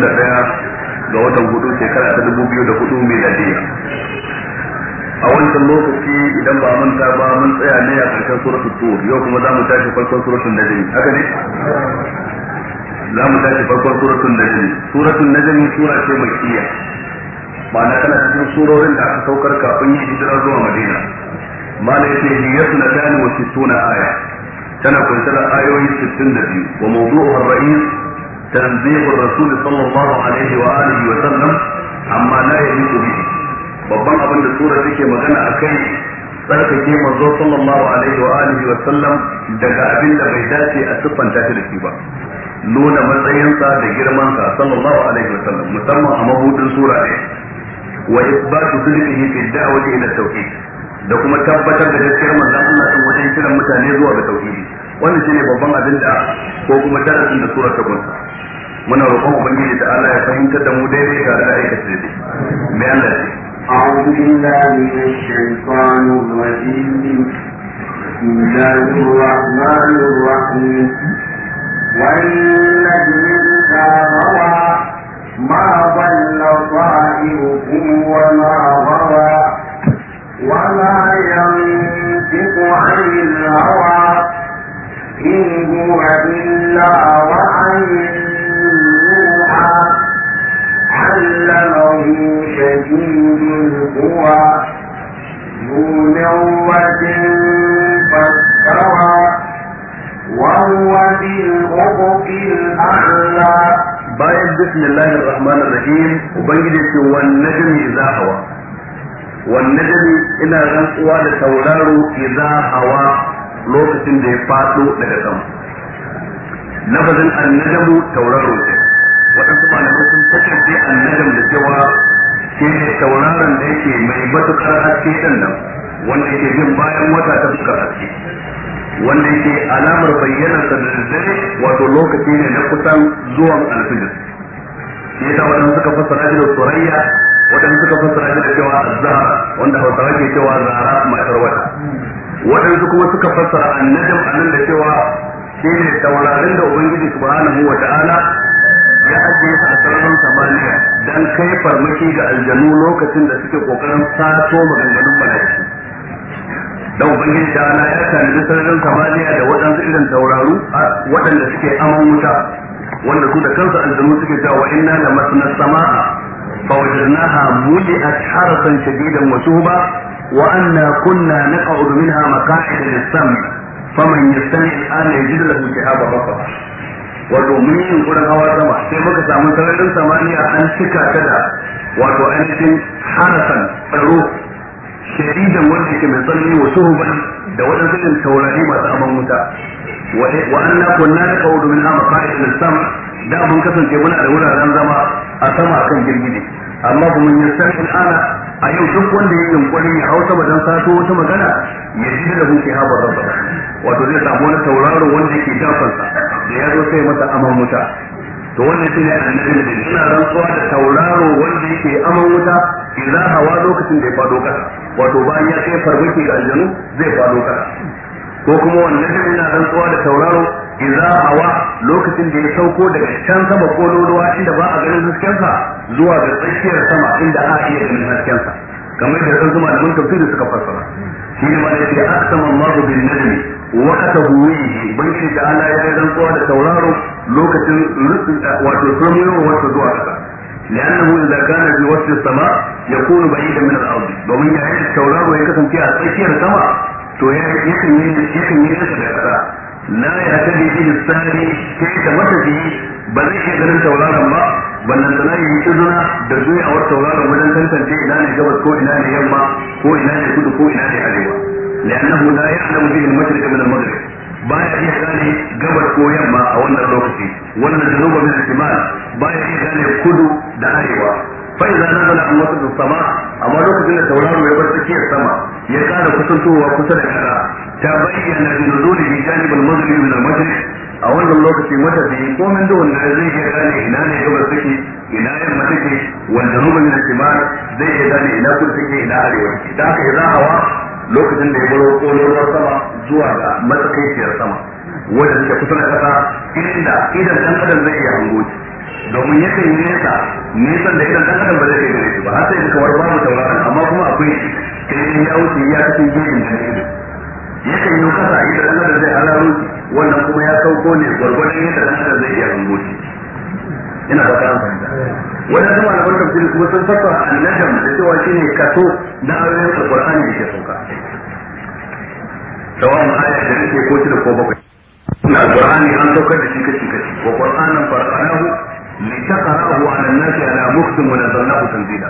da daya ga watan hudu shekara ta dubu biyu da hudu miladiya a wancan lokaci idan ba manta ba mun tsaya ne a karshen suratul tur yau kuma za mu tashi farkon suratul najm haka ne za mu tashi farkon suratul najm suratul najm sura ce mai makkiya ma'ana tana cikin surorin da aka saukar kafin yin hijira zuwa madina ma'ana yace hiyatu na tani wa sittuna aya tana kunshe da ayoyi 62 wa mawdu'uha ar-ra'is تنزيه الرسول صلى الله عليه وآله وسلم عما لا يليق به babban abin da sura take magana a kai tsarkake manzo sallallahu alaihi wa alihi wa sallam daga abin da bai dace a siffanta shi da shi ba nuna matsayinsa da girmansa sallallahu alaihi wa sallam musamman a mabudin sura ne wa isbatu sidqihi fi da'wati ila tauhid da kuma tabbatar da gaskiyar manzon Allah din wajen kiran mutane zuwa ga tauhidi wannan shine babban abin da ko kuma darasin da sura ta gunsa muna roƙon ubangiji da Allah ya fahimtar da mu daidai ga da aikata daidai Allah ce أعوذ بالله من الشيطان الرجيم بسم الله الرحمن الرحيم إذا ما ضل صاحبكم وما غوى وما ينطق عن الهوى إن هو إلا وحي الضحى علمه شديد القوى ذو مرة فاستوى وهو بالأفق الأعلى bayan bismillahi rahmanir rahim ubangiji ce wan najmi idza hawa wan najmi ina rantsuwa da tauraro idza hawa lokacin da ya fado daga sama lafazin annajmu tauraro ce waɗansu malamai sun takarce annadam da cewa shi ne tauraron da yake mai matuƙar haske ɗin nan wanda yake bin bayan wata ta suka haske wanda yake alamar bayyana da dare wato lokaci ne na kusan zuwan alfijir shi yasa waɗansu suka fassara shi da surayya waɗansu suka fassara shi da cewa azhar wanda hausawa ke cewa zara matar wata waɗansu kuma suka fassara annadam a nan da cewa shi ne taurarin da ubangiji subhanahu wa ta'ala ya ajiye su a sararin samaniya don kai farmaki ga aljanu lokacin da suke kokarin sato maganganun malaki don bangin da ana ya da sararin samaniya da waɗansu irin tauraru waɗanda suke aman wuta wanda su da kansu aljanu suke cewa ina da masna samaa fa a muli'at harasan shadidan wa ba, wa anna kunna naq'udu minha maqa'ida lis-sam faman yastami al yajid lahu shihaban rafaqa wato mun yi yunkurin hawa sama sai muka samu sararin samaniya an cika ta da wato ainihin harasan tsaro sharidan wanda ke mai tsanani wa suhuban da waɗansu irin taurari masu aman wuta wa eh, anna kunna da qawdu min hama maqa'id al-sam da mun kasance muna da wuraren zama a sama kan girgije amma kuma mun yi san ana a yau duk wanda ya yunkurin ya hausa ba don sato wata magana ya ji da hukunci haɓar rabba wato zai samu wani tauraro wanda ke dafansa da ya zo sai masa aman wuta to wannan shine annabi da ina rantsuwa da tauraro wanda yake aman wuta idan hawa lokacin da ya fado kasa wato bayan ya kai farmaki ga aljanu zai fado kasa ko kuma wannan da ina rantsuwa da tauraro idan hawa lokacin da ya sauko daga can sama ko lolowa inda ba a ganin haskensa zuwa ga tsakiyar sama inda a iya ganin haskensa kamar da sun zuma da mun da suka fassara shi ne ma da ya ce aksama Allahu bin najmi waka ta huwi banki da ana ya yi zantuwa da sauraro lokacin wato sami yawan wata zuwa kasa lianna hu idza kana fi wasfi sama yakunu ba'idan min al-ard domin ya yi sauraro ya kasance a tsakiyar sama to ya yi kan yi da shi kan yi da kasa ya ta bi fi sami kai da mata bi ba zai shi ganin sauraron ba wannan da nayi yi zuna da zuwa wata sauraron wajen tantance ina ne gabas ko ina ne yamma ko ina ne kudu ko ina ne arewa لأنه لا يعلم به المشرق من المغرب baya iya gane gabar ko yamma a wannan lokaci wannan zunuba min al-shimal baya iya gane kudu da arewa fa idza nazala an wasat sama amma lokacin da tauraro ya bar tsakiyar sama ya kara kusantowa kusa da kara ta bayyana bi nuzuli bi janib al-maghrib min al-maghrib a wannan lokaci matafi ko min da wannan zai iya gane ina ne gabar take ina yamma take wanda zunuba min al zai iya gane ina kudu take ina arewa da haka idza wa. lokacin da ya baro kololuwar sama zuwa ga matsakaiciyar sama wanda suke kusa da kasa inda idan dan adam zai iya hango shi domin yakan yi nesa nisan da idan dan adam ba zai kai gare shi ba har sai kamar babu tauraron amma kuma akwai sai ya wuce ya kace gefen da ido yakan yi kasa idan dan adam zai halaro wannan kuma ya sauko ne gwargwadon yadda dan adam zai iya hango shi ina da kayan fahimta wannan zama na wannan tafsiri kuma sun fassara annajam da cewa shine kaso na ayoyin alqur'ani da ke sauka sawan aya da take ko shida ko bakwai na alqur'ani an saukar da shi kashi kashi wa qur'anan farqanahu litaqra'ahu 'ala an-nasi 'ala mukhtin wa nazzalnahu tanzila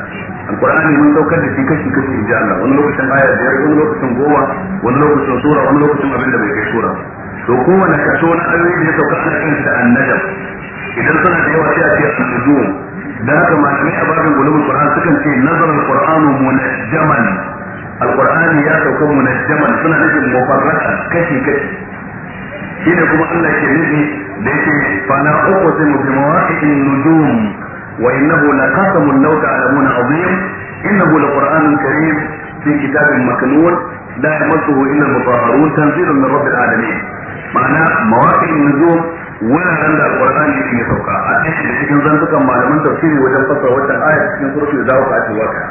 alqur'ani mun saukar da shi kashi kashi inji Allah wani lokacin aya biyar wani lokacin goma wani lokacin sura wani lokacin abinda bai kai sura to kowane kaso na ayoyi da ya sauka ana kansa annajam idan suna da yawa sai a ce a zo da haka malamai a babin gulubu qur'an sukan ce nazar al-qur'anu munajjaman al-qur'ani ya sauka munajjaman suna nufin mufarrata kashi kashi shine kuma Allah ke nufi da yake fala uqsimu bi mawaqi'in nujum wa innahu la laqasamun law ta'lamuna azim innahu laqur'anun karim fi kitabin maknun da yamassuhu illa mutahharun tanzilun min rabbil alamin ma'ana mawaqi'in nujum wannan da alƙur'ani yake ya sauka a cikin cikin zantukan malaman tafsiri wajen fassara wannan ayat cikin surati da zawo ka ake waka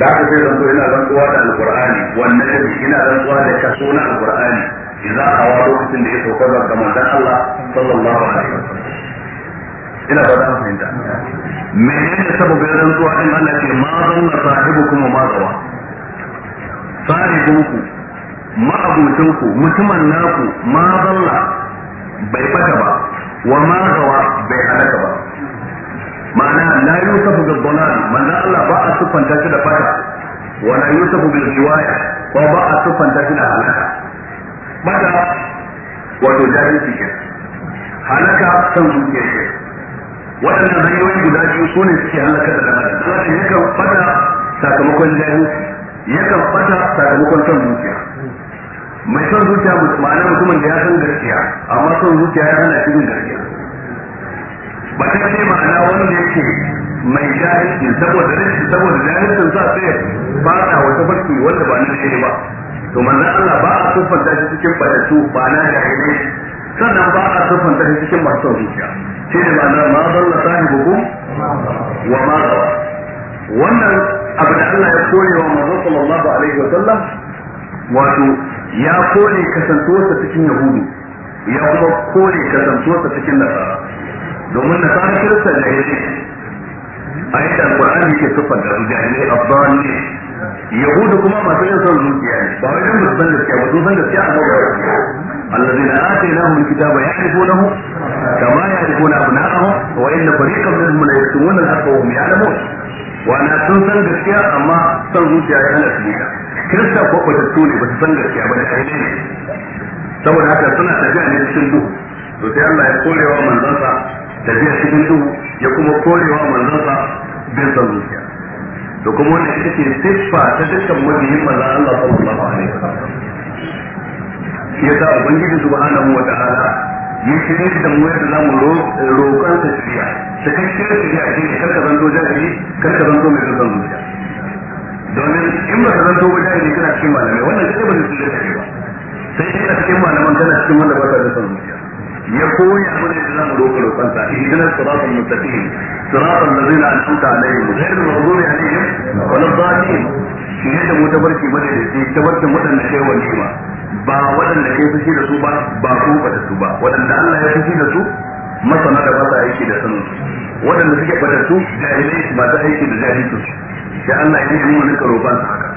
da aka sai ina rantsuwa da alƙur'ani wannan da ina rantsuwa da kaso na alƙur'ani idza awa lokacin da ya sauka ga manzon Allah sallallahu alaihi wasallam ina ba da fahimta menene sababin rantsuwa din Allah ce ma zanna sahibukum ma zawa sahibukum ma'abutanku mutumin naku ma zalla bai fata ba wa ma gawa bai halaka ba ma'ana la yusufu bil dalal manzo Allah ba a sufanta shi da fata wa la yusufu bil riwaya ko ba a sufanta shi da halaka bada wato jahilci ke halaka san zuciya ke waɗannan hanyoyi guda biyu su ne suke halaka da lamarin Allah yakan fata sakamakon jahilci ya yakan fata sakamakon san zuciya mai son zuciya ma'ana mutumin da ya san gaskiya amma son zuciya ya hana cikin gaskiya ba ta ce ma'ana wanda yake mai jahilci saboda rashin saboda jahilcin sa sai ta wata barki wanda ba na shi ba to manzon Allah ba a tufan ta cikin fatattu ba na jahilai sannan ba a tufan ta cikin masu son zuciya shi ne ma'ana ma zalla sahibuku wa ma wannan abu da Allah ya koyewa wa sallallahu alaihi wa sallam wato ya kore kasantuwarsa cikin yahudu ya kuma kore kasantuwarsa cikin nasara domin nasara kirista da ya ce a yadda alƙur'ani ke siffar da jahilai abban ne yahudu kuma masu yin son zuciya ne ba wajen ba san gaskiya ba san gaskiya a mawar الذين آتيناهم الكتاب يعرفونه كما يعرفون أبناءهم وإن فريقا منهم ليكتمون الحق وهم يعلمون وأنا سنسن gaskiya amma son zuciya ya hana su kirista ko ta ne ba su san gaskiya ba da ainihi ne saboda haka suna tafiya ne cikin duhu to sai Allah ya korewa manzansa tafiya cikin duhu ya kuma korewa manzansa bin san zuciya to kuma wannan ita ce siffa ta dukkan mabiyin manzan Allah sallallahu alaihi wasallam ya yasa ubangiji subhanahu wa ta'ala ya ne da mu yadda zamu roƙon sa shirya sakakkiyar shirya shi ne karka zanto jahili karka zanto mai zan zuciya domin in ba ka zanto ba jahili kana cikin malamai wannan kai ba zai tsira ka ba sai dai a cikin malaman kana cikin wanda ba ka da son zuciya ya koya mana da zamu roƙa roƙon sa idan siratal mustaqim siratal ladzina an'amta alaihim ghayril maghdubi alaihim waladdallin shi ne da mu tabarki bane da shi tabarkin wadanda kai wani ba ba wadanda kai fushi da su ba ba ko ba da su ba wadanda Allah ya fushi da su masana da ba sa aiki da sanin su wadanda suke bada su jahilai ba sa aiki da jahilci ya Allah ya yi mun rika roƙon haka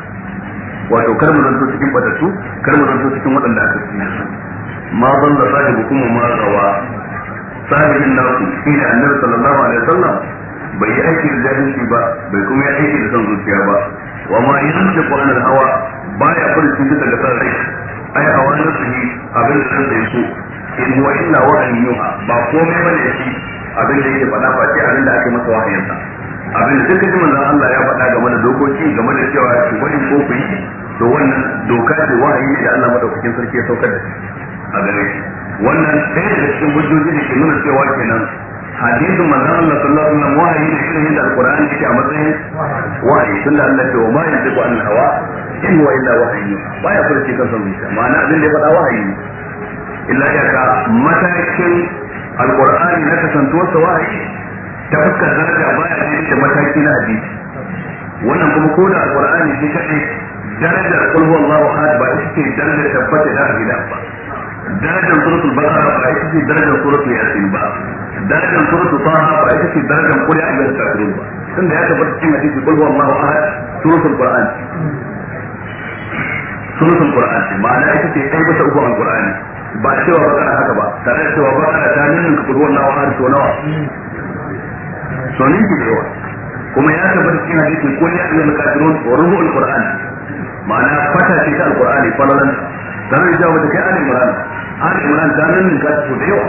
wato kar mu zanto cikin batatu, kar mu zanto cikin waɗanda aka ci su ma ban da kuma ma gawa sahibin naku shine annabi sallallahu alaihi wasallam bai yi aiki da jahilci ba bai kuma yi aiki da san zuciya ba wa ma ce ko an hawa baya fara cikin daga san rai ai a wannan su yi abin da san sai so in huwa illa wa'an yuha ba komai bane shi abin da yake faɗa face abin da ake masa wahayin sa abin da duka jimin zan Allah ya faɗa game da dokoki game da cewa shi wani ko ku yi to wannan doka ce wahayi ne da Allah madaukakin sarki ya saukar da a gare shi wannan ɗaya daga cikin hujjoji da ke nuna cewa kenan hadisin manzon Allah sallallahu alaihi sallam wahayi ne irin da alqur'ani yake a matsayin wahayi tunda Allah ce wa ma yantiqu an hawa in wa illa wahayi ya furci kan son zuciya ma'ana abin da ya faɗa wahayi ne illa ya ka matakin alqur'ani na kasantuwar sa wahayi ta fuskar daraja ba ya daidai da mataki na hadisi wannan kuma ko da alqur'ani shi kadai darajar qul huwallahu ahad ba ita ce darajar tabbata da hadisi ba darajar suratul baqara ba ita ce darajar suratul yasin ba darajar suratul taha ba ita ce darajar qul ya ayyuhal kafirun ba da ya tabbata cikin hadisi qul huwallahu ahad suratul qur'an suratul qur'an ma'ana ita ce kai bisa uku al-qur'ani ba cewa ba haka ba tare da cewa ba ta nan ka qul huwallahu ahad to nawa to ne da yawa kuma ya tabbata cikin hadisi ko ya ayyuka kafirun wa rubu'ul qur'an ma'ana fata ce ta alqur'ani falalan dan ya jawo da kai ali imran ali imran dan nan ka to da yawa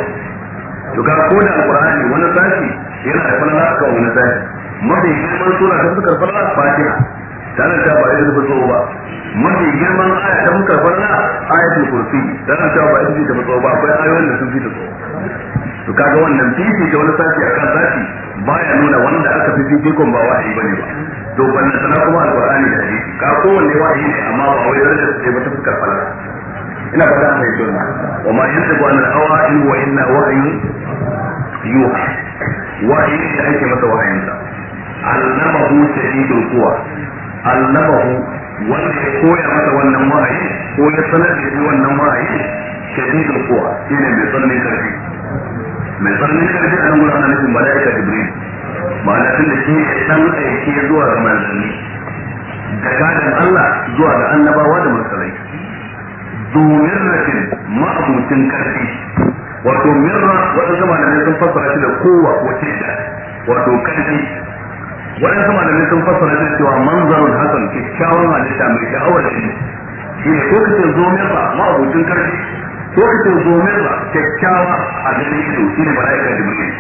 to ga ko da alqur'ani wani sashi yana da falala ka wani sashi mafi girman sura ta suka falala fatiha dan ta ba da ba ba mafi girman aya ta muka falala ayatul kursi dan ta ba da zuba ba akwai ayoyin da sun fi da to kaga wannan fifi da wani sashi akan sashi baya nuna wanda aka fi fifikon ba wahayi bane ba to wannan sana kuma alqur'ani da shi ka kowanne wahayi ne amma ba wai da su ba ta fuskar falala ina fata mai tona wa ma yantabu an al awa in wa inna wahyu yuha wahayi da ake masa wahayinsa annabahu shadidul quwa annabahu wanda ya koya masa wannan wahayi ko ya sanar da wannan wahayi shadidul quwa shine mai tsanani karfi mai tsarnin karfi a nan gudu ana nufin mala'ika jibril ma'ana tun da shi dan aiki zuwa ga manzanni da gadon Allah zuwa ga annabawa da mursalai domirratin ma'abucin karfi wato mirra waɗansu malamai sun fassara shi da kowa ko da wato karfi waɗansu malamai sun fassara shi da cewa manzarun hasan kyakkyawan halitta mai sha'awar shi shi ne ko kace zo mirra ma'abucin karfi lokacin gomirra kyakkyawa a ganin ido shi ne mala'ika jibril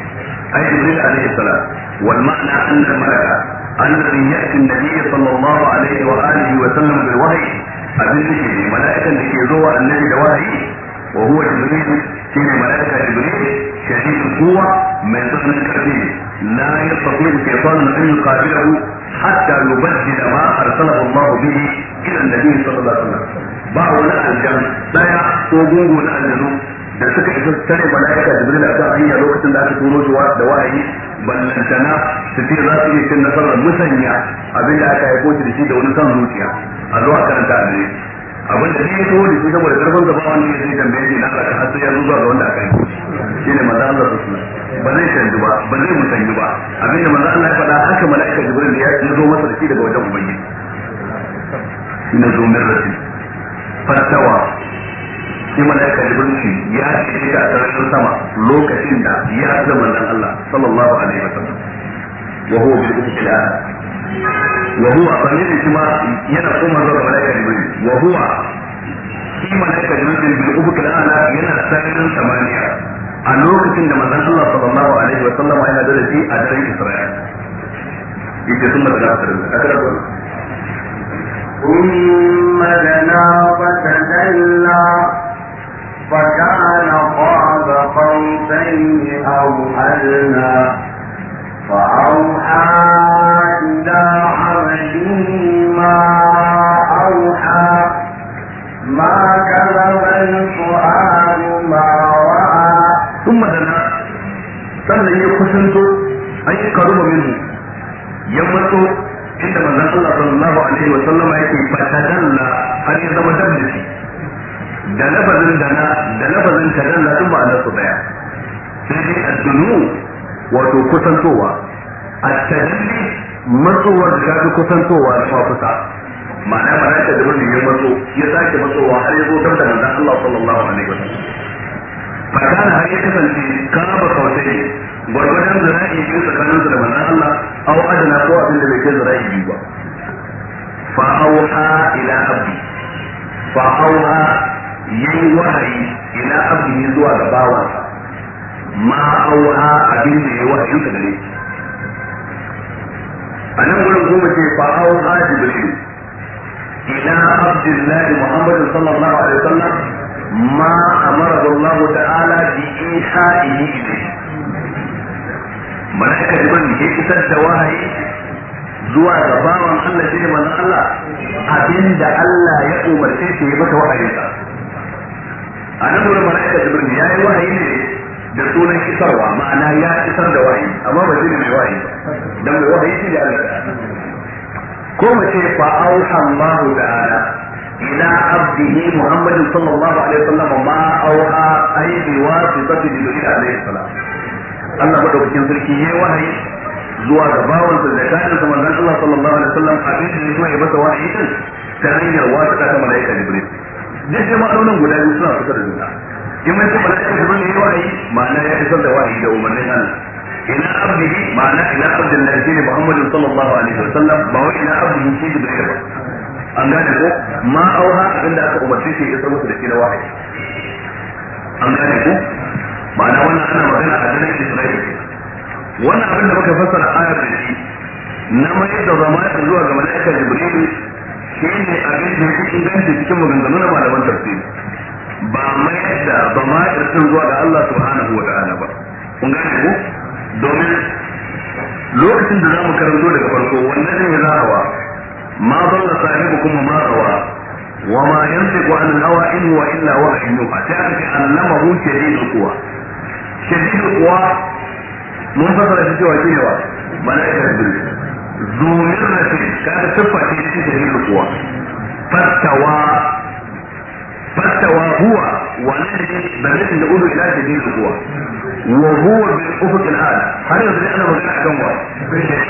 ai jibril alaihi salam wal ma'ana annal mala'ika alladhi ya'ti an-nabiy sallallahu alaihi wa alihi wa sallam bil wahyi abin da ne mala'ikan da ke zuwa annabi da wahayi wa huwa jibril shi ne mala'ika jibril shadid quwwa mai tsananin karfi la yastati shaytan an yuqabilahu hatta yubaddila ma arsalahu Allah bihi ila an-nabi sallallahu alaihi wa sallam ba wani aljan daya ko gungu na aljanu da suka isa tare mala'ika jibril akan hanya lokacin da aka turo shi da wahayi ballantana su ce za su iya cin nasarar musanya abin da aka haifo shi da shi da wani san zuciya a zuwa karanta a dare abin da ya kawo da shi saboda karfin gaba wani ya zai tambaye shi na alaka har sai ya zuwa ga wanda aka haifo shi ne maza Allah su ba zai canji ba ba zai musanyi ba abin da maza Allah ya faɗa haka mala'ika jibril ya zo masa da shi daga wajen ubangiji ina zo min rasu. fatawa sai malaika jibril ya ce a sararin sama lokacin da ya zama nan Allah sallallahu alaihi wasallam wa huwa bil ikhtila wa huwa kamar kuma yana kuma zuwa malaika jibril wa huwa shi malaika jibril bil ala yana sararin samaniya a lokacin da manzon Allah sallallahu alaihi wasallam yana da shi a cikin Isra'ila yake sun da aka ثم دنا فتدلى فكان قاب قوسين أو أدنى فأوحى إلى عبده ما أوحى ما كذب الفؤاد ما رأى ثم دنا sannan ya اي an yi karuwa inda manzon Allah sallallahu alaihi wa sallama yake fatadalla har ya zama dabbaci da lafazin na da lafazin tadalla duk ma'anar su daya sai dai addunu wato kusantowa at-tadalli matsowar da ta kusantowa da kusa ma'ana ma'ana da dabbi ya matso ya sake matsowa har ya zo dabbaci manzon Allah sallallahu alaihi wa sallam fakana har ya kasance kaba kautai gwargwadon zira'i biyu tsakaninsu da manzon Allah aw adana ko abin da bai kai zira'i biyu ba fa auha ila abdi fa auha yayi wahayi ila abdi ne zuwa ga bawansa ma auha abin da yayi wahayin sa gare shi a nan gurin goma ce fa auha jibril ila abdillahi muhammadin sallallahu alaihi wasallam ما أمره الله تعالى بإيحائه إليه ملائكة جبن يجي تسد zuwa ga bawan Allah shi ne manzon Allah abinda Allah ya umarce shi ya maka wahayin a nan wurin mala'ika jibril ya yi wahayi ne da sunan kisarwa ma'ana ya kisar da wahayi amma ba shi mai wahayi dan mai wahayi shi ne Allah ko mace fa auha Allah ta'ala إلى عبده محمد alaihi الله عليه وسلم ما أوحى أي بواسطة جبريل عليه السلام Allah madaukakin sarki yayi wahayi zuwa ga bawansa da kanin sa manzon Allah sallallahu alaihi wasallam abin da ya yi masa wahayi din ta hanyar wasiƙa ta malaika Jibril duk sai ma'anonin guda biyu suna kusa da juna in mun ce malaika Jibril yayi wahayi ma'ana ya isar da wahayi da umarnin Allah ila abdihi ma'ana ila abdillahi shine Muhammadin sallallahu alaihi wasallam ba wai ila abdihi shi Jibril ba an gane ko ma auha abinda aka umarci shi isar musu da shi na wahayi an gane ko ma'ana wannan ana magana a ganin Isra'ila wannan abin da muka fassara ayar da shi na mai da da zuwa ga mala'ikar Jibril shi ne abin da yake inganci cikin na malaman tafsiri ba mai da da sun zuwa ga Allah subhanahu wa ta'ala ba kun gane ko domin lokacin da za mu karanto daga farko wannan ne zahawa ما ضل صاحبكم وما روى وما ينطق عن الهوى ان هو الا وحي يوحى تعرف علمه شديد القوى شديد القوى منفصل في سوى شنو ملائكه الدنيا ذو مرة كانت صفة شديد القوى فاستوى فاستوى هو والذي بلغت نقول الى شديد القوى وهو بالافق الاعلى هل يستطيع ان نتحكم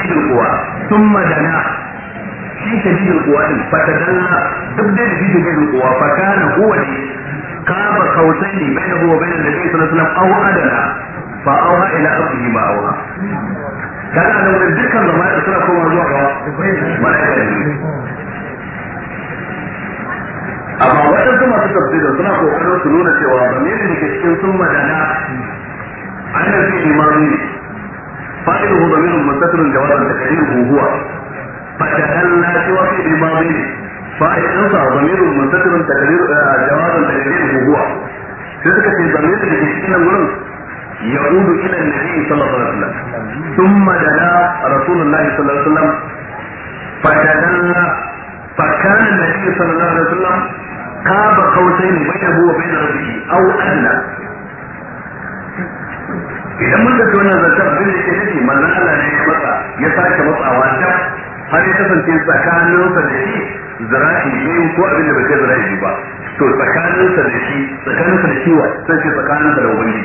شديد القوى ثم جناح shi shadidul quwa din fatadalla duk da shi shadidul quwa fa kana huwa ne kaba kausaini bainahu wa bainal nabi sallallahu alaihi wasallam aw adala fa awha ila abdihi ma awha kaga nan wurin dukkan zama da suna koma zuwa ga malaika ne amma waɗansu masu tafsirin suna kokarin su nuna cewa bamirin da ke cikin sun madana an yi imani fa'iluhu bamirun mustatirun jawazan takariruhu huwa فتألى سوى في الماضي فإن ضمير منتظر تقرير جواب تقريره هو سيدك في ضمير الجسدين ورد يعود إلى النبي صلى الله عليه وسلم ثم دنا رسول الله صلى الله عليه وسلم فتدلى فكان النبي صلى الله عليه وسلم قاب قوسين بينه وبين ربه أو أدنى idan mun da tona zartar bin da ke nufi manzon Allah ne ya matsa ya sake matsawa ta har ya kasance sa da shi zira'i biyu ko abin da bai kai zira'i ba to sa da shi sa da shi wa sai ce sa da ubangiji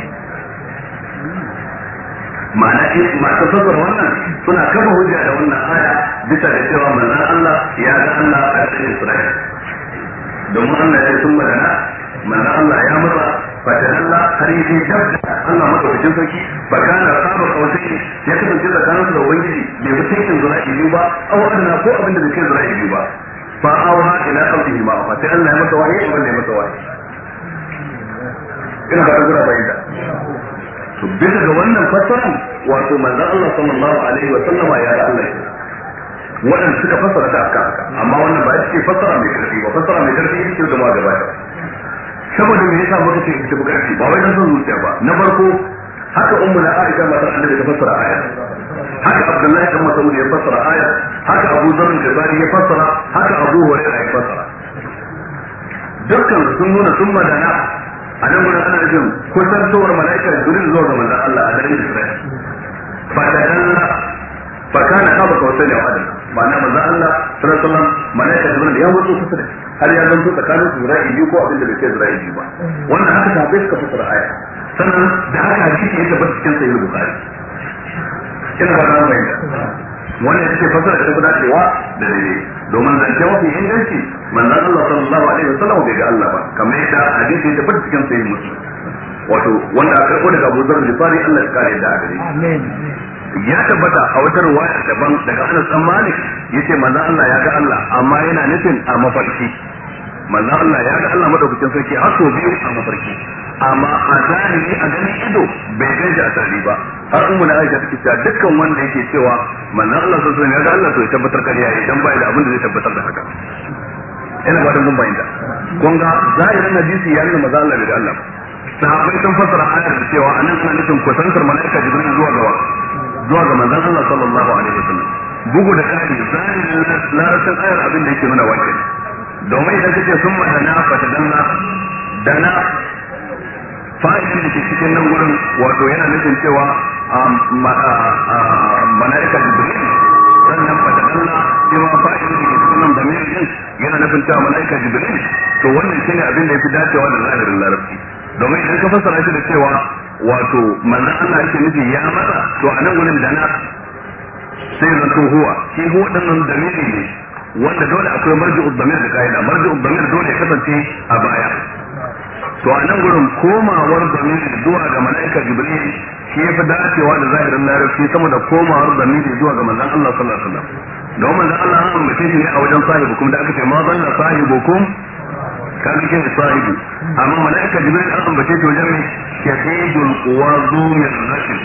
ma'ana eh, masu fasar wannan suna kafa hujja da wannan aya bisa da cewa manzon Allah ya ga Allah a cikin Isra'ila domin Allah ya da na manzon Allah ya matsa fa har yi sai dabda Allah madaukakin sarki ba ka fa kana saba kausai ya kasance tsakanin da ubangiji bai wuce kin zura'i biyu ba aw adana ko abin da bai kai zura'i biyu ba fa awa ila qalbihi ma fa sai Allah ya masa wahayi Allah ya masa wahayi ina ga gura bai da to bisa ga wannan fassara wato manzon Allah sallallahu alaihi wa sallama ya Allah waɗanda suka fassara da haka amma wannan ba ya ce fassara mai karfi ba fassara mai karfi ita ce gama gaba ɗaya saboda me yasa muka ce ita bukaci ba wai nan zuciya ba na farko haka ummu na Aisha ta Annabi ta fassara aya haka Abdullahi dan Mas'ud ya fassara aya haka Abu Dharr al-Ghifari ya fassara haka Abu Hurairah ya fassara dukkan sun nuna sun madana a nan gudan ana jin kusantowar mala'ikar jibril zuwa ga manzon Allah a daren Isra'il fa da dalla fa kana kaba kawsai da ba na manzon Allah sallallahu alaihi wasallam mala'ikar jibril ya wuce kusa da har ya zanto tsakanin su zira'i biyu ko abin da bai kai zira'i biyu ba wannan haka ta bai suka fasara aya sannan da haka hadisi ya tabbata cikin sahih bukari ina ba na mai wannan ce fasara ta guda cewa da dare domin da zance mafi inganci manzon Allah sallallahu alaihi wasallam bai ga Allah ba kamar yadda hadisi ya tabbata cikin sahih musu. wato wanda aka karbo ga buzar Dharr Jifari Allah ya kare da gare amin ya tabbata a wata ruwaya daban daga Anas bin Malik yace manzon Allah ya ga Allah amma yana nufin a mafarki manzo Allah ya ga Allah madaukakin sarki har so biyu a mafarki amma a zahiri a ganin ido bai ganje a tsari ba har umma na aisha take cewa dukkan wanda yake cewa manzo Allah sun sani ya ga Allah to ya tabbatar kariya idan bai da abin da zai tabbatar da haka ina ba da mun bayyana kun ga zahirin hadisi ya nuna manzo Allah da Allah sahabbai sun fassara ayar da cewa anan ana nufin kusantar malaika jibril zuwa ga zuwa ga manzo Allah sallallahu alaihi wasallam bugu da kari zahirin san ayar abin da yake nuna wakil domin idan kace sun na fata danna dana fa'idin da ke cikin nan wurin wato yana nufin cewa mala'ika jibril sannan fata dana cewa fa'idin da ke cikin nan da mai yana nufin cewa mala'ika jibril to wannan shine abin da yafi dacewa da zahirin larabci domin idan ka fassara shi da cewa wato manzon Allah yake nufi ya mara to a nan wurin dana sai zanto huwa shi huwa dinnan dalili ne wanda dole akwai marji'ud damir da kaida marji'ud damir dole ya kasance a baya to a nan gurin komawar zamiri zuwa ga mala'ika jibril shi ya fi dacewa da zahirin larabci sama da komawar zamiri zuwa ga manzon Allah sallallahu alaihi wasallam don manzon Allah an ambace shi ne a wajen sahibukum da aka ce ma zalla sahibukum ka ga shi sahibu amma mala'ika jibril an ambace shi wajen ne shahidul quwa zu min rashid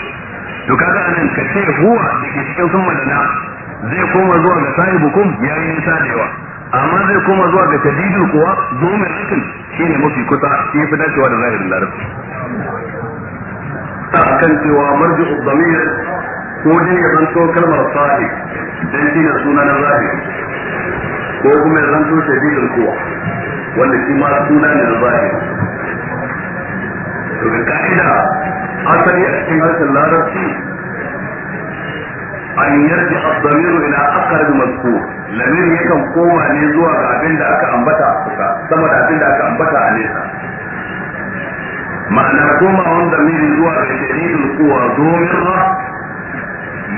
to kaga anan ka ce huwa da ke cikin sun madana zai koma zuwa ga sahibukum yayin nisa da yawa amma zai koma zuwa ga tadidul kuwa zo mai rikin shine mafi kusa shi fi dacewa da zahirin larabci kan cewa marji'u dhamir ko dai ya zanto kalmar sahi dan shi ne suna na zahiri ko kuma ya zanto shadidul kuwa wanda shi ma suna ne na zahiri to da ka'ida asali a cikin harshen larabci an yarda abdamiru ila akar da mazkur lamir yakan koma ne zuwa ga abin da aka ambata a sama da abin da aka ambata a nesa ma'ana wanda damiri zuwa ga shadidul kuwa, domin ra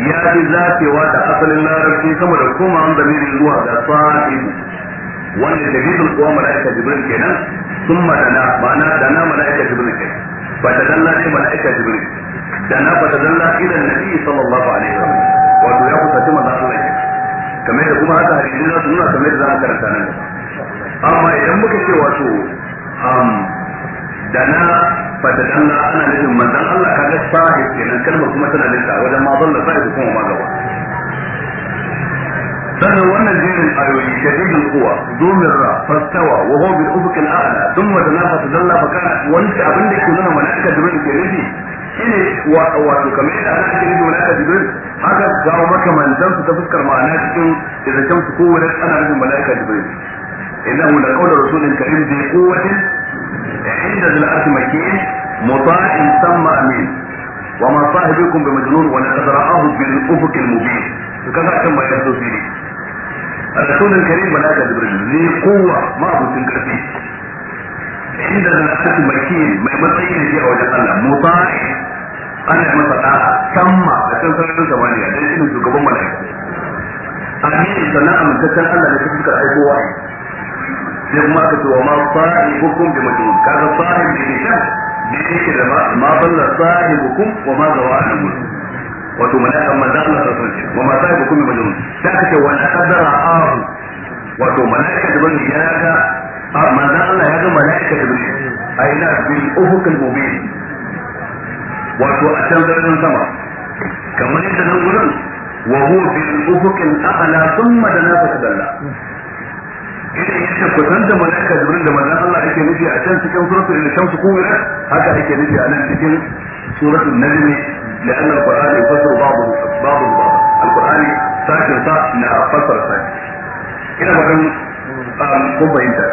ya fi zafewa da asalin larabci sama da wanda damiri zuwa ga sahibu wanda shadidul kuwa mala'ika jibril kenan sun madana ma'ana dana mala'ika jibril kenan ba ta dalla ne mala'ika jibril dana ba ta dalla ila nabi sallallahu alaihi wasallam wato ya kusaci manzon Allah ke kamar da kuma haka hadisin za su nuna kamar da za a karanta nan amma idan muka ce wato da na fata dan ana nufin manzon Allah ka kaga sahib kenan kalmar kuma tana da wajen ma zalla da kuma ma gaba sannan wannan jerin ayoyi shadidul quwa dumir ra fastawa wa huwa bil ufuq al a'la thumma tanafa tadalla fa kana wanda abin da ke nuna malaka da ke nufi shine wato kamar yadda ana cikin dole ka jibril haka kawo makamantan su ta fuskar ma'ana cikin izancen su ko wani ana nufin malaika jibril innahu da qawlu rasulin karim bi quwwatin inda zal arshi makin muta'in samma amin wa ma sahibukum bi majnun wa la tadra'ahu bil ufuq al mubin kaga kan bayan sosai ne rasulin karim malaika jibril ne kowa ma abutin karfi inda na kasu baki mai matsayi ne a wajen Allah muta'i ana yi masa da'a tamma a kan sararin zamaniya don shi ne shugaban mala'iku aminin sannan amintaccen Allah ne ta fuskar aikowa sai kuma aka ce wa ma sa'ibukum bi majnun kaga sa'ib bi nishan bi yake da ma balla sa'ibukum wa ma zawa an mulk wato mala'ikan manzo Allah ta sunce wa ma sa'ibukum bi majnun sai aka ce wa la qadara ahu wato mala'ika da ban ya ga manzan Allah ya ga mala'ika da bishi a ina bil ufukul mubin wato a can zargin sama kamar yadda nan wurin wa huwa bil ufukul a'la thumma dana fa tadalla idan yake da mala'ika jibril da manzan Allah ake nufi a can cikin suratul shamsu na, haka ake nufi a nan cikin suratul najmi لأن القرآن يفسر بعضه بعض القرآن ساكن ساكن فسر ساكن إلى kun fahimta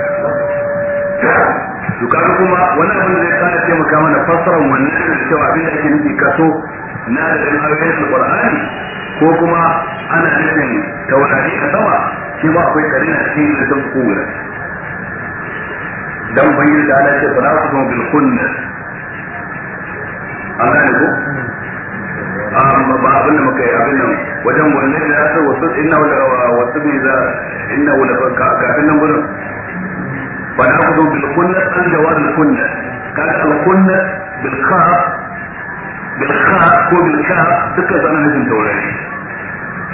to kaga kuma wani abin da zai kara taimaka mana fassarar wannan da cewa abin da ake nufi kaso na da ɗan ayoyin alƙur'ani ko kuma ana nufin taurari a sama shi ba akwai karina cikin da zan kowane dan bayyana da ana ce fara kuma bil kunna Allah ne ko ba abin da muka yi abin nan wajen wannan da asar wasu inna wasu bi za inna wala ka kafin nan gurin fa na kudu bil kunna an jawar al kunna ka al kunna bil khaf bil khaf ko bil kaf duka zana nufin taurari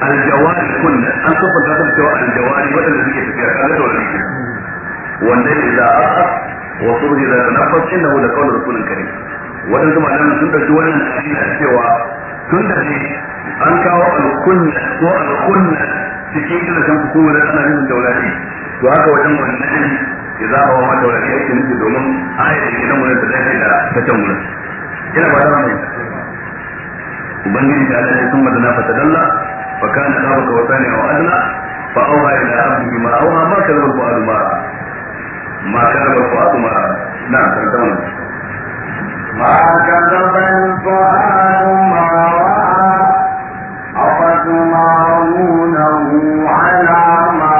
al jawar al kunna an sofa ta san cewa al jawari wadanda suke tafiya kaga taurari wanda idza asaf wa surhi la tanaffas innahu la qawlu rasulin karim wadansu malaman sun dauki wannan hadisi cewa tun da ne an kawo alkunna ko alkunna cikin ita kan hukumar ana nufin taurari to haka wajen wannan ya za a wa mata wani yake nufi domin ayar da ke nan wurin da zai da ta can wurin ina ba da mai ubangiji ta alaƙa sun madana fata dalla fa kana da baka wata ne wa adna fa auha ila abdi ma auha ma kalbar fu'adu ma ma kalbar fu'adu ma na karanta wannan ما كذب الفؤاد ما رأى أفتمارونه على ما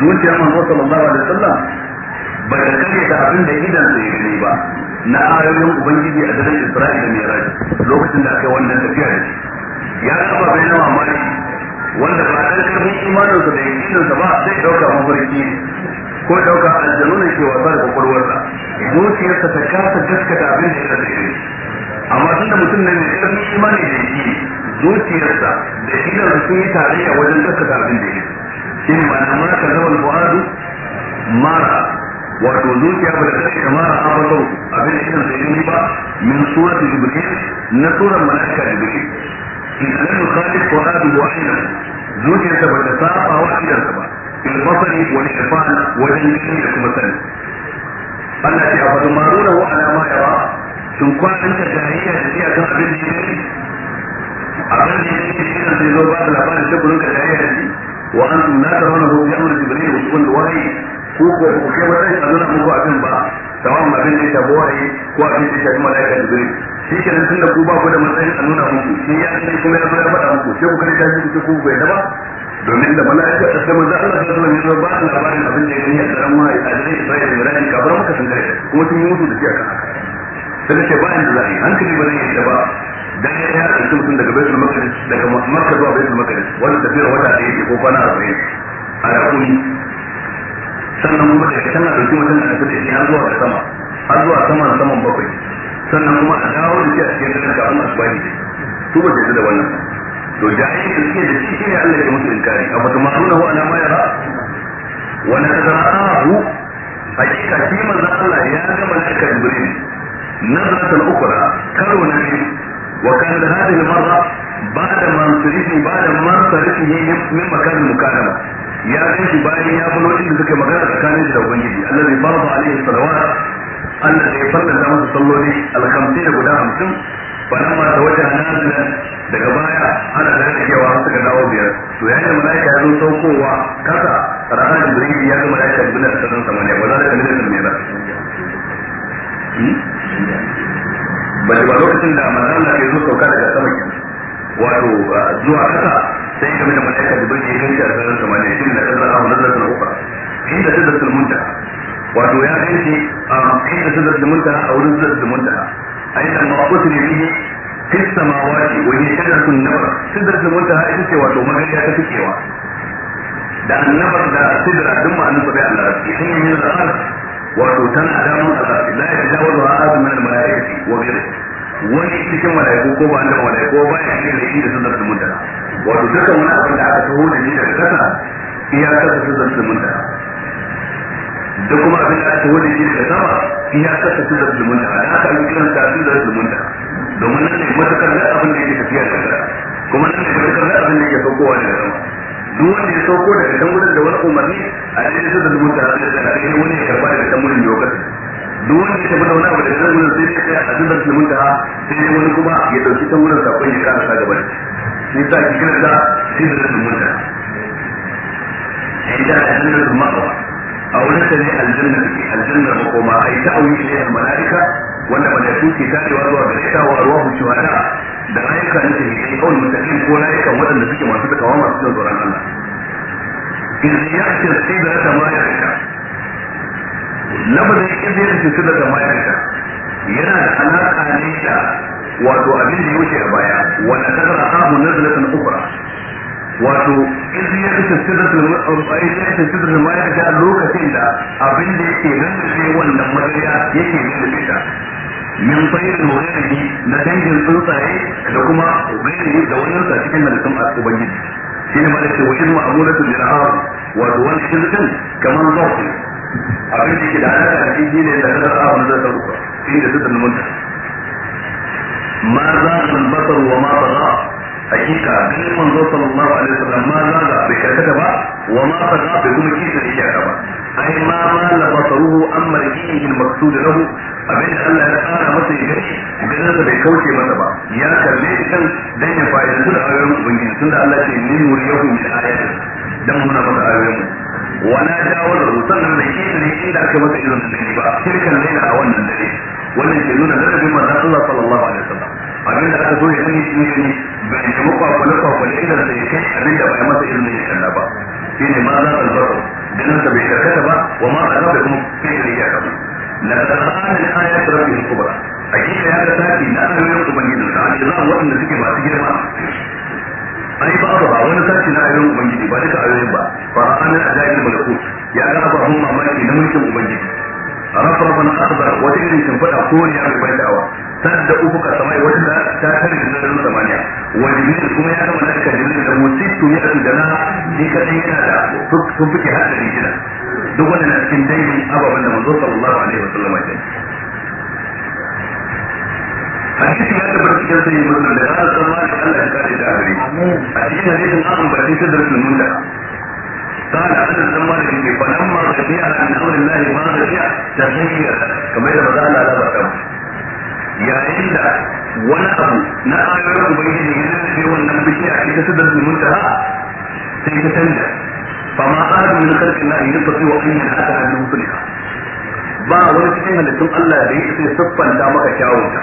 zuciyar manzo sallallahu alaihi wasallam ba ta kare da abin da idan sai gani ba na ayoyin ubangiji a daren Isra'ila da Mi'raj lokacin da aka wannan tafiya da shi ya saba bai na mamaki wanda ba dan karfin imanin sa da yakinin sa ba sai dauka mafarki ko dauka aljanu ne ke wasa da kwakwalwarsa zuciyarsa ta kasa gaskata abin da ya gani amma tunda mutum ne mai karfin imanin da yake zuciyarsa da idan sun yi a wajen gaskata abin da ya Shin shine ma'ana ma ka zama fu'adu mara wato zuciya ba da take mara a wato abin da idan sai ba min surati jibril na suran malaika jibril in lam yukhalif fu'adu wa ayna ta. ba ta saba wa idansa ba bil basari wal irfan wajen gani da kuma sani Allah ya faɗi maruna wa alama yawa sun kwanan ta jariya da kan abin da ya yi abin da ya yi shi zai zo ba da labarin da kullum ka jariya da shi وانتم لا la tarawnahu bi amri jibril wa kullu wahyi ko ko ku kai ba sai azuna muku abin ba tawon abin da shafi ko shi ke nan tunda ku ba ku da matsayin a nuna muku shi ya ce kuma ya zo ya muku sai ku kare ta ku bai da ba domin da malaika ta sama da Allah ya zama ya ba da labarin abin da ya gani a tsaron wahayi a zai da kabar maka sun kare kuma sun yi mutu da shi akan sai da ce bayan da hankali ba zai yi da ba dan ya ya ɗauki mutum daga baitul maqdis daga makka zuwa baitul maqdis wata ko kwana a rakuni sannan kuma da kan ɗauki mutum da shi har zuwa sama har zuwa sama saman bakwai sannan kuma a dawo da shi a cikin kasar kafin asibani su ba da wannan to jayin da suke da shi Allah ya musu inkari amma to ma'amuna wa alama yara wa nazara'ahu hakika shi manzo Allah ya ga malaka Jibril nazaratan ukra karo na biyu وكانت هذه المرة بعد ما انصرفني بعد ما انصرفني من مكان المكالمة يا غنشي باين يا بلو إن ذكر مكان تكاني لو الذي فرض عليه الصلوات الذي فرض لهم تصلوني الخمسين قدام خمسين فلما توجه نازلا daga baya ana da yadda cewa har suka dawo biyar to yayin malaika ya zo saukowa kasa ranar jibril ya ga malaika jibril a sanan samaniya wala da kalilin mai ba ba ba lokacin da manzon Allah ya zo sauka daga sama wato zuwa kasa sai ka ya da malaika da burge ganci a sararin samaniya shi ne da kasa Allah nazar da ukra inda ta da munta wato ya ganci inda ta da munta a wurin da munta aidan ma'qut ne bihi fi samawati wa hiya shajratun nabar sidratun munta ita ce wato magariya ta fikewa da annabar da sidra duk ma'anar da bai Allah sun yi min da wato tan adamun azabi la ya tajawazu ahadun min malaikati wa ghayrihi wani cikin malaiku ko ba annabi malaiku ba ya yi da da sunan da mutana wato duka wani abin da aka taho da ni daga kasa iya kasa sunan da mutana da kuma abin da aka taho da ni daga sama iya kasa sunan da mutana da aka yi kiran ta sunan da mutana domin nan ne matakar da abin da yake tafiya da kuma nan ne matakar da abin da yake saukowa da sama duk wanda ya sauko daga can da wani umarni a cikin su da dubu tare da tare wani ya karba daga can wurin da wakati duk wanda ya tafi da wani abu daga can wurin sai ya a cikin da mun sai wani kuma ya dauki can wurin sakon ya karasa gaba shi sa ki kira da shi da mun ta idan an da ma'awa a wurin da ne aljanna take aljanna ba kuma ai ta'awi ilaiha malaika wanda malaiku ke tashi zuwa ga ita wa ruhu shuhada da ne ke shahidai kawai mutakin ko ayyuka waɗanda suke masu kawo masu yau zoron Allah in ya ce sidra ta ma ya ta lafazin in ya ce sidra ta ma ya ta yana da alaƙa ne da wato abin da ya wuce a baya wanda ta zara abu na zulatan ukura wato in ya ce da ta ma ya ta lokacin da abin da yake nan da wannan madariya yake nan da min bayin wurare na dangin tsuntsaye da kuma wurare da wani sa cikin halittun ubangiji shi ne malaka wa ilmu amulatu lil arab wa duwan shirkin kaman zawfi abin da ke da alaka da shi ne da da arab na da ruwa inda da da munta ma za al basar wa ma bara hakika ganin manzo sallallahu alaihi wasallam ma za da bai karkata ba wa ma bara bai kuma kisa da ba ai ma ma la basaruhu an marjihi al-maqsud lahu abin da Allah ya tsara masa ya gani idan da bai kauce masa ba ya kalle shi kan dan ya fa'idantu da ayoyin ubangiji tunda Allah ce ni nuriyahu min ayatin dan muna masa ayoyin wala jawaza sannan da shi ne inda aka masa irin da ne ba shirkan laila a wannan dare wannan ke nuna ladabin manzon Allah sallallahu alaihi wasallam abin da aka zo ya sani shi ne bai da makwakwale kwakwale idan da ya kai abin da bai masa irin da ya kalla ba shine ma za a zaro بالنسبة بالشركة وما خلقكم في الإجابة لقد أخذنا الآية ربهم الكبرى أكيد هذا تأتي من أهل يوم بنجد عن الله وأن ذكي ما تجد معه ai ba ba wani sashi na ayoyin ubangiji ba duka ayoyin ba ba ana ajayil malakut ya ga ba mun mamaki na mulkin ubangiji rabbun akbar wata irin shimfiɗa koriya da awa da'awa sadda uku ka samai wata ta tare da nazarin samaniya wajibi kuma ya gama da jibril da musitu ya da na shi kadai yana da sun fike hadari shida duk wannan na cikin dangin ababen da manzo sallallahu alaihi wasallam ya ce حديث ما تبرك جلسة يمثل لهذا الصلاة الله يقال إلى آخره حديث حديث الأمر بعد سدرة المنتهى قال انس بن مالك فلما رجع عن امر الله ما رجع تغير كما يقول الله لا بأس yayin da wani abu na ayoyin ubangiji ya nuna ce wannan bishiya ita ta da zumunta sai ta canja fa ma ahadu min khalqin la yastati wa an yanhata an musulha ba wani cikin halittun Allah da yake sai siffanta maka kyawunta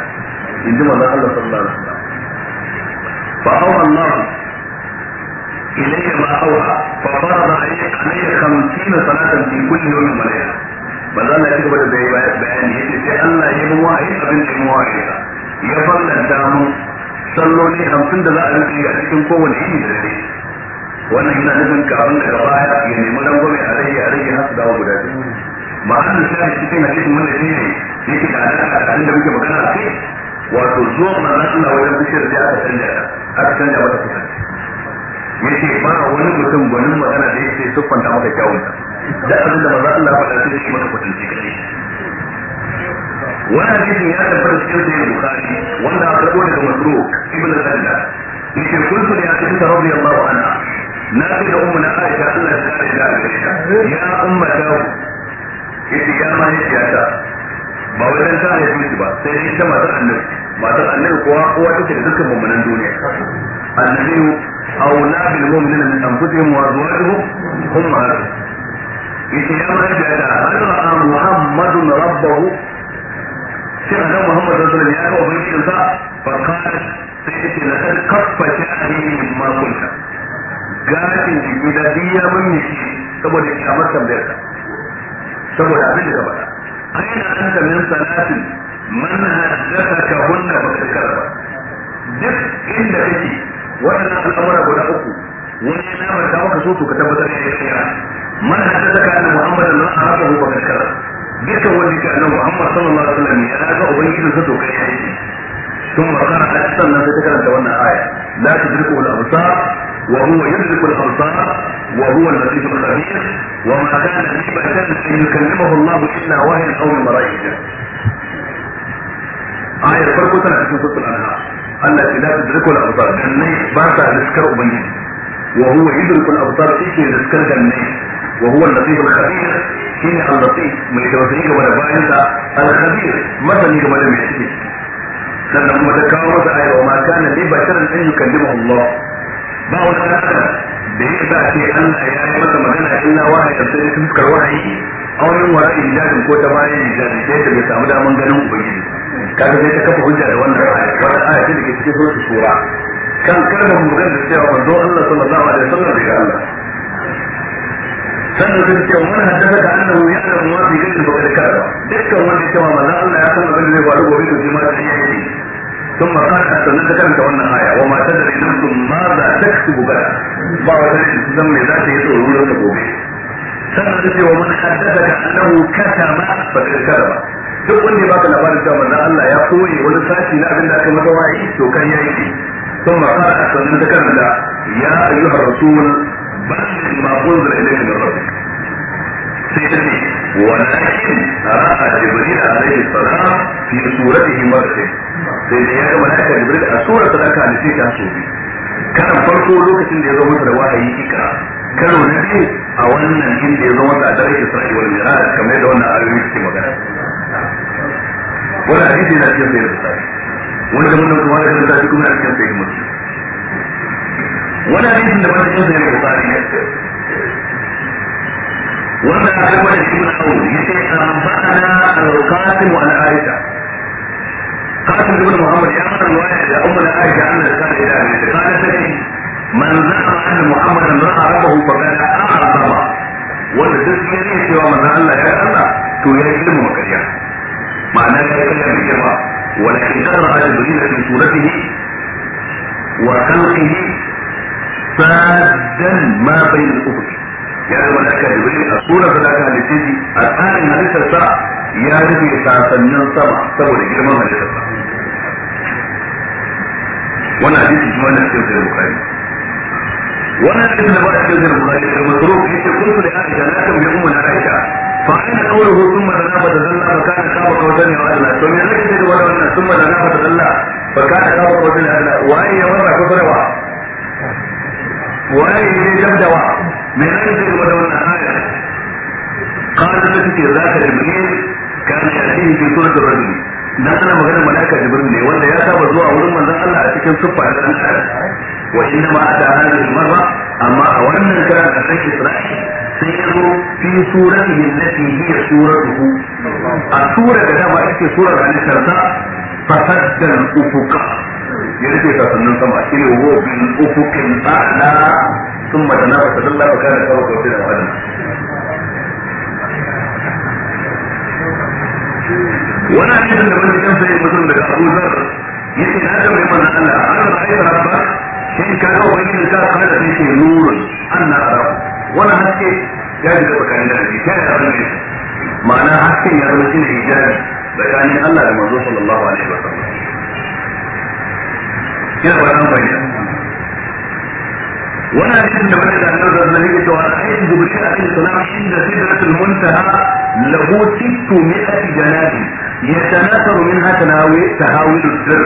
in ji manzon Allah sallallahu alaihi wasallam fa awha Allah إلي ما أوحى ففرض علي خمسين صلاة في كل يوم وليلة manzo Allah ya ci gaba da bayani yace sai Allah ya yi wahayi abin da ya wahayi ya fallanta mu salloli hamsin da za a rinka a cikin kowane yini da dare wannan yana nufin kafin daga baya ya nemi rangwame a rage a rage har su dawo guda biyu ma'anar da shi cikin hadisin wanda shi ne yake da alaƙa da abin da muke magana wato zuwa manzo Allah wajen bishiyar da aka canja aka canja mata kusanci yace ba wani mutum gwanin magana da yake siffanta maka kyawun da abin da maza Allah faɗa sai shi maka kwatanci kai wannan hadisin ya tabbata cikin sahih bukhari wanda aka rago daga masruq ibn al-hadda yace kuntu ya tabbata radiyallahu anha na ce da ummu na Aisha Allah ya kare da ya ummata yace ya mahaifiyata ba dan ta haife ba sai dai ta matar annabi matar annabi kuwa kowa take da dukkan mummunan duniya النبي أولى بالمؤمنين من أنفسهم وأزواجهم هم أهله yace ya ma da da ra'a Muhammadun rabbahu sai annabi Muhammad sallallahu alaihi wasallam ya ga ubangijin sa fa kana sai yace la kad kaffa sha'ri ma kunta gadin saboda kyamar tambayar ka saboda abin da ka aina anta min salatin man haddathaka hunna ba. duk inda kake waɗannan al'amura guda uku wani ya lamarta maka so to ka tabbatar da ya kira man haddasa ka annabi Muhammad sallallahu alaihi wasallam ba karkara dukkan wanda ke annabi Muhammad sallallahu alaihi wasallam ya ga ubangijin sa to kai ya yi ثم قرأ أحسن ما تتكلم تولى آية لا تدركه الأبصار وهو يدرك الأبصار وهو اللطيف الخبير وما كان نعمة أن يكلمه الله إلا وهي أو من آية فرقة في سورة الأنهار Allah da rikon tudrikul absar ne ba sa riskar ubangiji wa huwa yudrikul absar shi ke riskar gannai wa huwa al-latiful khabir shi ne al-latif mai tausayi game da bayansa al-khabir masani ga da mai ciki sannan kuma ta kawo masa ayar wa na kana li basharan an yukallimu Allah ba wani adam da ya sa ce Allah ya yi masa magana illa wahayi sai ta fuskar wahayi a wani wara'i hijabin ko ta bayan hijabin sai ta bai samu daman ganin ubangiji kaga sai ta kafa hujja da wannan ayat wannan aya ce da ke cikin sura shura kan kalmar mugan da cewa manzo Allah sallallahu alaihi wasallam daga Allah sannan sun ce wani haddasa ka annahu ya da mu fi gidan ba da karba dukkan wanda cewa manzo Allah ya san abin da zai faru gobe to shi ma sai ya yi ثم قال أستنى ذكرت وأن آية وما تدري نفس ماذا تكتب غدا بعد ذلك تسمى ذات يسوع يقول لك sannan da cewa man haddasa ka annahu kasama fa kad duk wanda ya baka labarin cewa manzon Allah ya koyi wani sashi na abin da aka maka wa'i to kan yayi shi sun ma fara a sanin ta kan da ya ayyuka rasul bashin ma kunzura sai sai da ya a surar ta farko lokacin da ya zo masa da wa'ayi a wannan inda ya zama masa dare ke sarki wani mirar kamar da wannan arewa cikin magana wani a hadisi na cikin sayar bukari wani da mutum kuma da sun tafi kuma a cikin sayar mutum wani a hadisi da wani cikin sayar tsari ne wanda a kai wani cikin hau ya ce a ba'ana al-qasim wa al-aisha qasim ibn muhammad ya fara riwaya da an da ummu da ya kana ila da kana sai man za a za'a anna muhammadan ra'a da faqad a'azama wanda duk ne cewa manzo Allah ya Allah to ya yi girma makariya معناه يتكلم بالجماعة ولكن شرع جبريل في صورته وخلقه فادا ما بين الأفق يعني ملائكة جبريل الصورة ملائكة لتيجي الآن ملائكة الساعة يا ربي ساسنن سبع سبع جماعة ملائكة الساعة وانا حديث جمعنا في البخاري وانا حديث نبات في البخاري المصروف يقول لعائشة لا تبلغ من عائشة fa aina qawluhu thumma dana fa tadalla fa kana qaba qawlan ya Allah to me zai ce da wannan thumma dana fa tadalla fa kana qaba qawlan ya Allah waye ya wara ko farawa waye ne dabdawa me zai ce da wannan aya qala lati zaka jibril kana yatihi fi surat ar-rajul dan ana magana malaika jibril ne wanda ya saba zuwa wurin manzon Allah a cikin suffa da dan amma a wannan karan a san Isra'il سيدو في سورته التي هي سورته السورة ما اكتي سورة عن الشرطة فسد الأفق يريد يتسنن سمع كيلي وهو بالأفق الأعلى ثم تنام فتدلى وكان سبب وسيلة وأدنى وانا عايز ان اقول لك زي مثلا ده ابو ذر يمكن هذا من الله انا رايت ربك ان كان هو بين الكتاب قال فيه نور انا أرى wannan haske ya shiga tsakanin da hadisi ya yi ne ma'ana hasken ya zama shine hijabi tsakanin Allah da manzo sallallahu alaihi wa sallam kina ba nan bayyana wannan hadisin da bada da annabi sallallahu alaihi wa sallam yake cewa ayyuhu bi sha'in salam inda sidratul muntaha lahu sittu mi'ati janabi يتناثر منها تناوي تهاويل الدر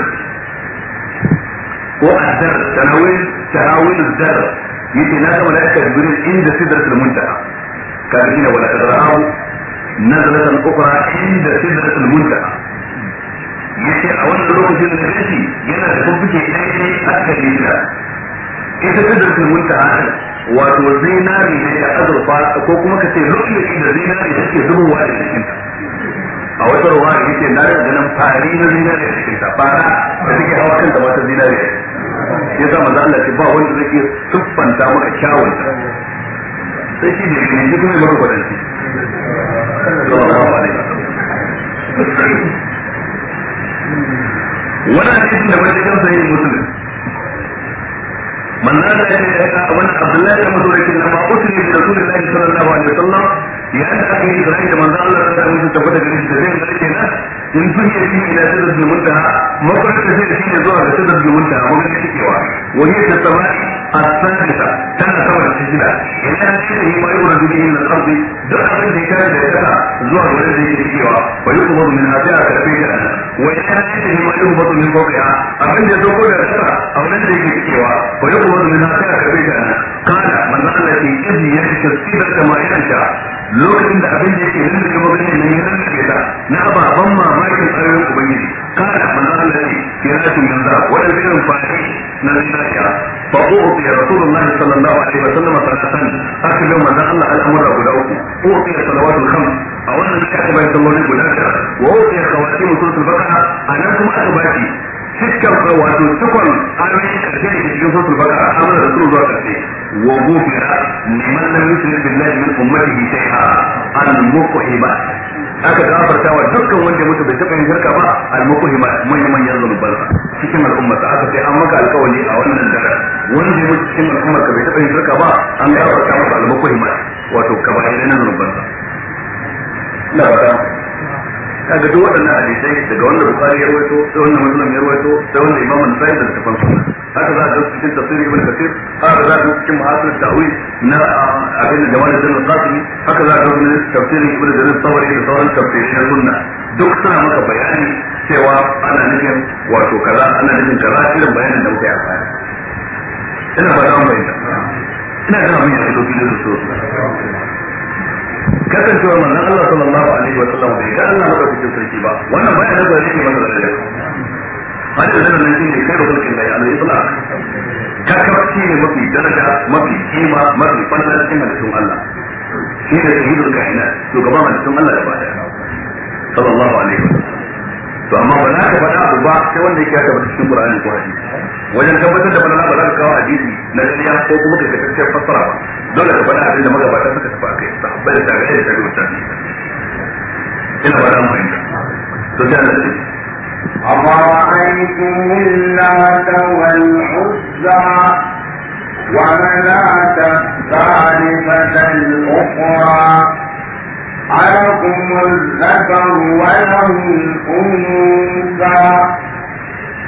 والدر تناويل تهاويل الدر yace na ga malaika jibril inda sidratul muntaha kafina wala tadrahu nazratan ukhra inda sidratul muntaha yace a wannan lokacin da kace yana da kubuke dai a kan da ita sidratul muntaha wato zinari ne da azurfa ko kuma kace lokacin da zinari take zubowa da cikin a wata ruwa da yake na ganin fari na zinari da cikin ta fara da take hawa kan da wata zinari ya sa maza Allah ce ba wanda zai iya tuffanta maka kyawun sai shi da shi ne kuma ya kwadanci wannan da wani cikin sahihin musulun man nada ya ce wani abdullahi da mazurakin na ma'utuni da rasulullahi sallallahu alaihi wasallam yayin da aka yi Isra'il da manzo Allah ya mutu tabbata da shi da zai zai kenan in sun yi shi ila da zumun da mafarka da zai shi zuwa ga da zumun da mun ga kewa. wani da sama as tana sama da shida idan shi ne mai wurin da yin al-ardi da abin da yake da yaka zuwa ga da yake cewa wa yuqbadu min hadiya ka fi da wa idan shi ne mai yuqbadu min ya abin da zo ko da sama abin da yake cewa wa yuqbadu min hadiya ka fi da kana manzo Allah ya ce idan lokacin da abin da yake nan da kuma ganin nan yana da ta na ababan mamakin ayoyin ubangiji kana manzon Allah ne kiratun yanzu wadannan irin fadi na zinariya fa uqi rasulullahi sallallahu alaihi wasallam salatan aka ga manzon Allah al'amura guda uku ko uqi salawatul khams a wannan aka bai sallolin guda ta wa uqi khawatim suratul baqara anan kuma aka baki dukkan wato cikon ayoyin karshe da cikin sosul baka a da zuwa karshe wa gofira billahi min aka gafarta wa dukkan wanda mutu bai taɓa yin shirka ba al manyan manyan cikin al'ummar aka sai an maka a wannan wanda mutu cikin al'ummar ka bai taɓa yin shirka ba an gafarta maka al wato kaga duk waɗannan hadisai daga wanda bukari ya rawaito sai wanda muslim ya rawaito sai wanda imam an-nasai da tafan sunna haka za a ga cikin tafsir ibn kathir haka za a ga cikin muhasir ta'wil na abin da jamal ibn al-qasimi haka za a ga cikin tafsir ibn jarir tawari da sauran tafsirin sunna duk suna maka bayani cewa ana nufin wato kaza ana nufin kaza irin bayanin da muka yi a baya ina ba da an bayyana ina ga mun yi da su kasancewar manzon Allah sallallahu alaihi wa sallam bai ga Allah ba cikin sarki ba wannan baya da zai yi wannan da hadin da nan shine kai da kulkin da Allah ya tsala kakkaci ne mafi daraja mafi kima mafi fadlan cikin halittun Allah shi ne shahidul kaina shugaban halittun Allah da baya sallallahu alaihi wa sallam to amma ba za ka faɗa abu ba sai wanda ya aka bata cikin Qur'ani ko hadisi wajen tabbatar da balala ba za ka kawo hadisi na ƙarya ko kuma ka kasance fassara ba dole ka faɗa abin da magabata suka tafi akai sahabbai da tabi'ai da tabi'u tabi'i ina ba da mu inda to da Allah أفرأيتم اللات والعزى ومناة الثالثة الأخرى ألكم الذكر وله الأنثى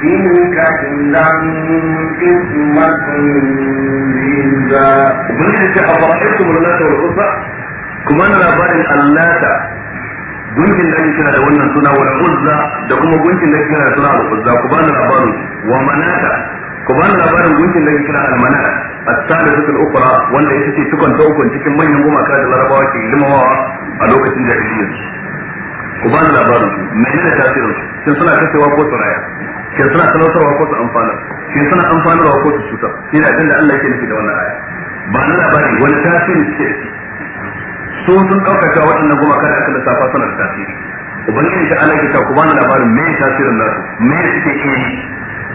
تلك إذا قسمة da ubangiji ce a fara'aikum lallata wal usa kuma na labarin allata gunkin da ake kira da wannan suna wal uzza da kuma gunkin da ake kira da suna al uzza ku bani labarin wa manata ku bani labarin gunkin da ake kira al manata as-sadatu al wanda ya ce tukun ta ukun cikin manyan gumaka da larabawa ke limawa a lokacin jahiliyyar ku bani labarin menene tasirin sun suna kasewa ko tsaraya shi suna talautarwa ko su amfana shi suna amfanarwa ko su cutar shi ne abinda Allah yake nufi da wannan aya ba na labari wani tasiri suke da shi su sun ɗauka cewa waɗannan gumaka da aka lissafa suna da tasiri ubangiji ta Allah ke cewa ku bani labarin me tasirin nasu me suke iya yi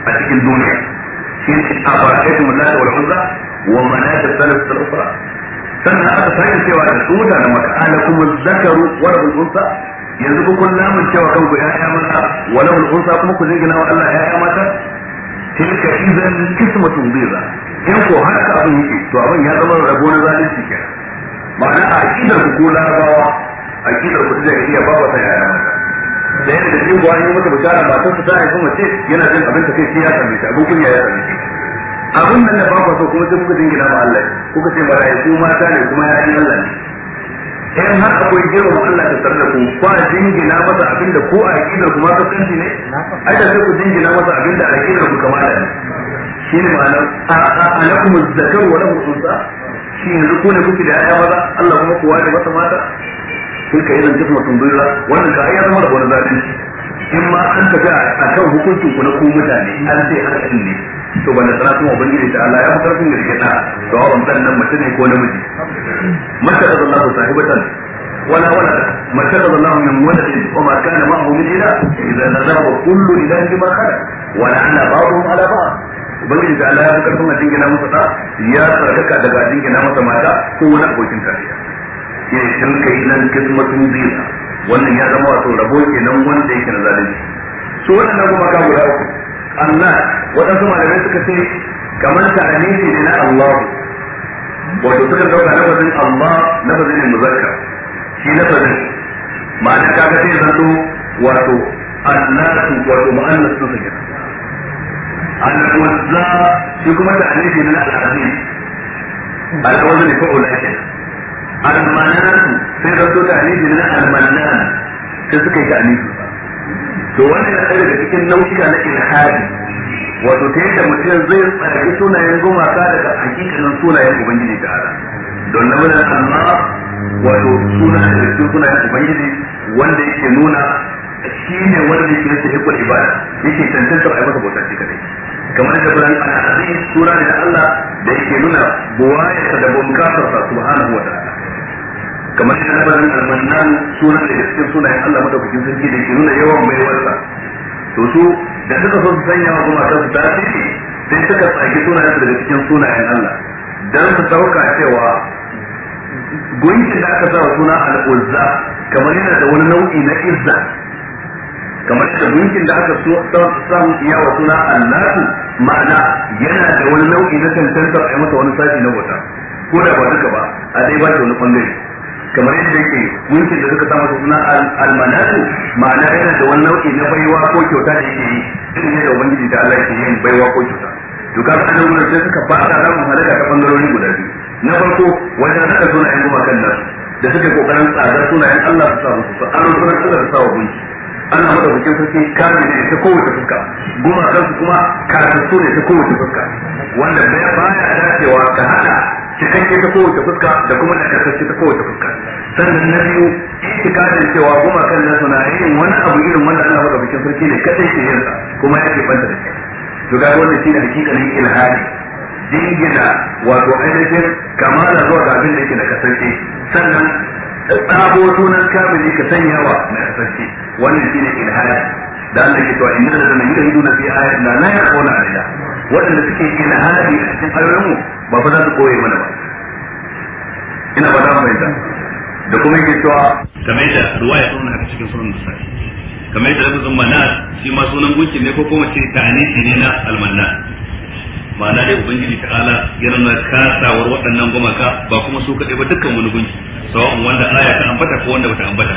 a cikin duniya shi ne a fara'aikum Allah wal uzza wa manat al-thalath al-ukhra sannan aka sake cewa da su da maka alakum zakaru wa rabbul unsa yanzu ku kun namun cewa kanku ya'ya mata walau al'unsa kuma ku jingina wa Allah ya'ya mata tilka idan kismatun biza in ko har ka abin yake to abin ya zama rabo na zalunci ke ma'ana a aqidar ku ko larabawa aqidar ku da iya ba ba ta ya'ya da yadda jin gwa ne mata bishara ba ta ta kuma ce yana jin abin ta kai ya sami ta abin kunya ya sami abin nan da ba ku so kuma sai kuka jingina wa Allah kuka ce mala'iku mata ne kuma ya yi Allah ne in har akwai girma Allah ta tsarda ku ba jingina masa abin da ko a aqidar ku ma ka ne ai da ku jingina masa abin da aqidar ku kamar ne shi ne ma'ana a a alakum zakaru wa lahum unsa shi ne ku ne kuke da aya maza Allah kuma ku ware masa mata irin idan sun tundura wannan ka ayya zama da wani zafi in ma an tafi a kan hukuncin ku na ku mutane an sai har ne to ba na tsara kuma ubangiji ta Allah ya fi karfin da rike da sawabin nan mace ne ko namiji mace da Allah sahibatan ولا ولد ما اتخذ الله من ولد وما كان معه من اله اذا لذهب كل اله بما خلق ana بعضهم ala بعض ubangiji da Allah ya fi karfin a jingina masa ta ya sarkaka daga jingina masa mata ko wani abokin tarayya ya shan kai nan kismatun zina wannan ya zama wato rabo kenan wanda yake na zalunci so na kuma ka guda uku Allah waɗansu malamai suka ce kamar ta'anifi ne na Allah wato suka dauka lafazin Allah lafazin ne muzakkar shi na lafazin ma'ana kaga sai zanto wato annasu wato mu'annas su kenan al-wazza shi kuma ta'anifi ne na al-azim al-wazn fa'ul akin al-manan sai zanto ta'anifi ne na al-manan sai suka yi ta'anifi to wannan yana ɗaya daga cikin nau'ika na ilhadi wato ta yadda mutum zai tsarki sunayen gumaka daga hakikanin sunayen ubangiji ga ala don na wajen amma wato suna da cikin sunayen ubangiji wanda yake nuna shi ne wanda yake nasa ikon ibada yake cancantar a masa bauta shi kadai kamar da bulan al'azim suna da Allah da yake nuna buwayarsa da bunƙasarsa subhanahu wa ta'ala kamar yana barin almannan suna da cikin sunayen Allah madaukakin sarki da ke nuna yawan wasa to su da suka so su sanya wa kuma ta tasiri sai suka tsaki sunayen daga cikin sunayen Allah dan su sauka cewa gunki da aka sa suna al-uzza kamar yana da wani nau'i na izza kamar da gunkin da aka san iya wa suna allahu ma'ana yana da wani nau'i na tantantar a yi masa wani sashi na wata ko da ba duka ba a dai ba ta wani bangare kamar yadda yake mulkin da suka samu suna almanatu ma'ana yana da wani nau'i na baiwa ko kyauta da yake yi irin yadda ubangiji da Allah yake yin baiwa ko kyauta to kaga anan gurin sai suka ba da samun halaka ta bangarori guda biyu na farko wajen raka kuma kan nan da suke kokarin suna yin Allah su samu su. su aro sunan suka da sa wa gunki Allah madaukakin sarki kare ne ta kowace fuska gumakan kansu kuma karatu ne ta kowace fuska wanda baya dacewa ka hada cikakke ta kowace fuska da kuma na karkashe ta kowace fuska sannan na biyu itikadin cewa kan na suna yin wani abu irin wanda ana maka bikin sarki ne kadai ke yin kuma ya ke banta da shi to ga wannan shine hakikanin ilhadi dingina wato ainihin kamala zuwa ga abin da yake na kasance sannan tsabo sunan kamili ka wa na kasance wannan shi shine ilhadi da Allah ke cewa inna ladana yulhiduna fi ayatina la yaqawna alayha wadanda suke ilhadi a cikin ayoyin mu ba fa za su koye mana ba ina ba za mu fahimta da kuma yake cewa kamar da ruwa ya tsona haka cikin sunan nisa kamar da lafazin mana shi ma sunan gunkin ne ko kuma ce ta'anisi ne na almanna ma'ana dai ubangiji ta ala yana na kasawar waɗannan gumaka ba kuma su kaɗai ba dukkan wani gunki sawa'un wanda aya ta ambata ko wanda bata ambata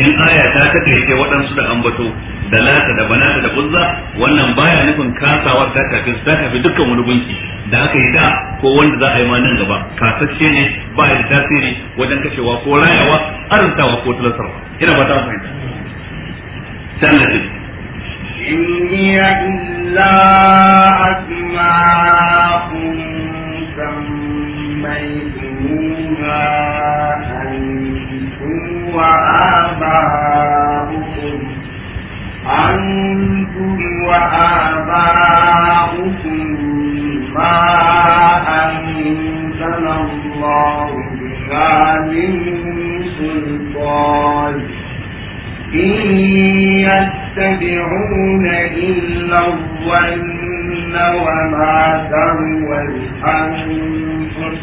in aya ta ke waɗansu da ambato da lata da banata da uzza wannan baya nufin kasawar ta tafi ta tafi dukkan wani gunki da aka yi da ko wanda za a yi ma nan gaba kasashe ne ba da tasiri wajen kashewa ko rayawa arzikawa ko talasarwa ina ba ta fahimta sallatin in hiya illa asma'un sammaytumuha antum wa abaa أنتم وآباؤكم ما أنزل الله بها من سلطان إن يتبعون إلا الظن وما تهوى الأنفس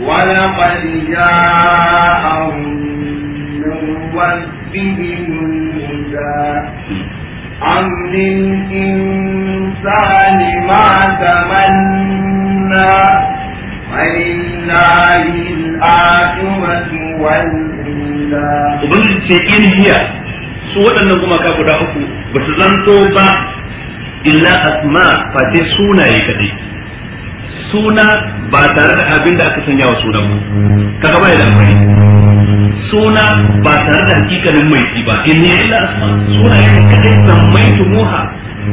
ولقد جاءهم من ربهم الهدى أم للإنسان ما تمنى ولله الآخرة والأولى وبنت إن هي سوى أن نقوم كافر أخو بس زنتو با إلا أسماء فاتي سونا يكدي suna ba tare da abin da aka sanya wa sunan mu kaga bai da amfani suna ba tare da hakikanin mai ji ba in ne illa asma suna yin kadai sammaitu muha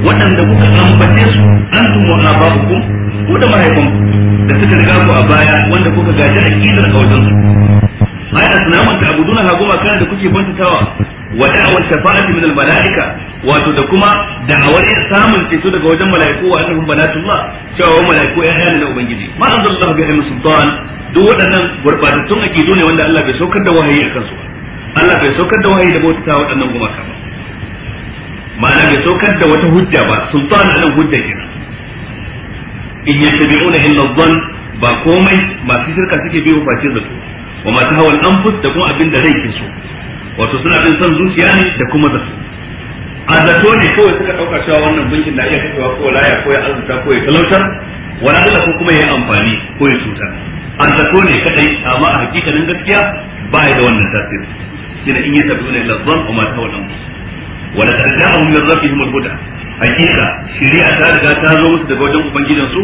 waɗanda kuka ambace su an tumu na babu ku ko da mahaifin da suka riga ku a baya wanda kuka gaji a kidar kautan su ai asnaman da abuduna ha goma kana da kuke bantatawa wa da'awar shafa'ati min al-mala'ika wato da kuma da'awar samun ceto daga wajen mala'iku wa annahum banatullah cewa mala'iku ya ne na ubangiji ma anzalallahu bihi min sultan duk waɗannan gurbatattun aqidu ne wanda Allah bai saukar da wahayi a kansu Allah bai saukar da wahayi da bautata waɗannan gumaka ba ma'ana bai saukar da wata hujja ba sultan nan hujja kenan in ya yattabi'una illa dhann ba komai masu shirka suke biyo face zato wa masu hawan anfus da kuma abin da rai ke so wato suna bin son zuciya ne da kuma zato a zato ne kawai suka ɗauka cewa wannan bankin na iya kashewa ko laya ko ya azuta ko ya talautar wani Allah ko kuma ya yi amfani ko ya cuta an ta ne kadai amma a hakikanin gaskiya ba ya da wannan tasiri kina in yata bi illa dhann wa ma tawadan wa la ta'lamu min rabbihim mun buda hakika shari'a ta riga ta zo musu daga wajen ubangijin su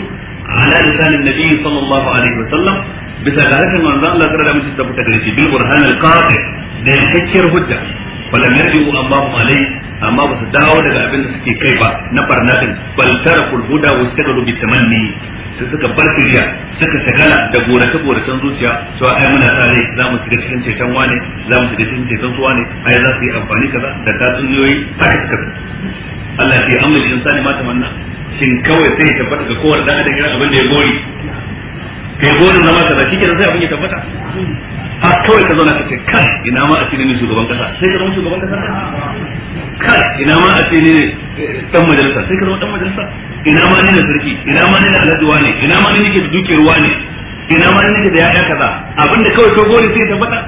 ala lisanin nabi sallallahu alaihi wa sallam bisa ga hakan manzo Allah ta rada musu ta fita gare bil qur'an al-qati da hakikiyar hujja falam yarji'u amma hum alaihi amma ba su dawo daga abin da suke kai ba na barna din bal tarakul huda wa istaqalu bi tamanni sai suka bar kiriya suka shagala da gonace gonacen zuciya cewa ai muna sa rai za mu shiga cikin ceton wane za mu shiga cikin ceton suwa ne ai za su yi amfani kaza da tatsuniyoyi haka suka Allah ya amma insani ma tamanna shin kawai sai ya tabbata ga kowar dan adam yana abin da ya gori kai gorin zama kaza shikenan sai abin ya tabbata a kawai ka zauna ka ce kai ina ma a cikin shugaban kasa sai ka zama shugaban kasa kai ina ma a cikin dan majalisa sai ka zama dan majalisa ina ma ni na sarki ina ma ni na alhaji wane ina ma ni nake da dukiyar wane ina ma ni nake da ya'ya kaza da kawai ka gori sai ta bada.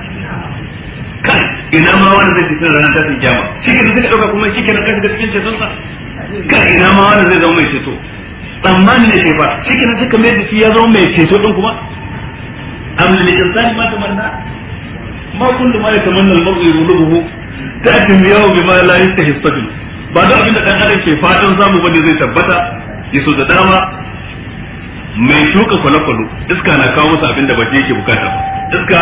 kai ina ma wani zai tafi ranar tashin kiyama shi ke zai ɗauka kuma shi ke na kashi da cikin cetonsa kai ina ma wani zai zama mai ceto tsammani ne ke fa shi ke suka mai da shi ya zama mai ceto din kuma amma da sani ma ta manna ma da ma tamanna al-mar'u yuluhu ta'tim yawmi ma la yastahi ba da abin da dan adam ke fatan zamu bane zai tabbata yaso da dama mai tuka kwalakwalo iska na kawo masa abin da ba yake bukata iska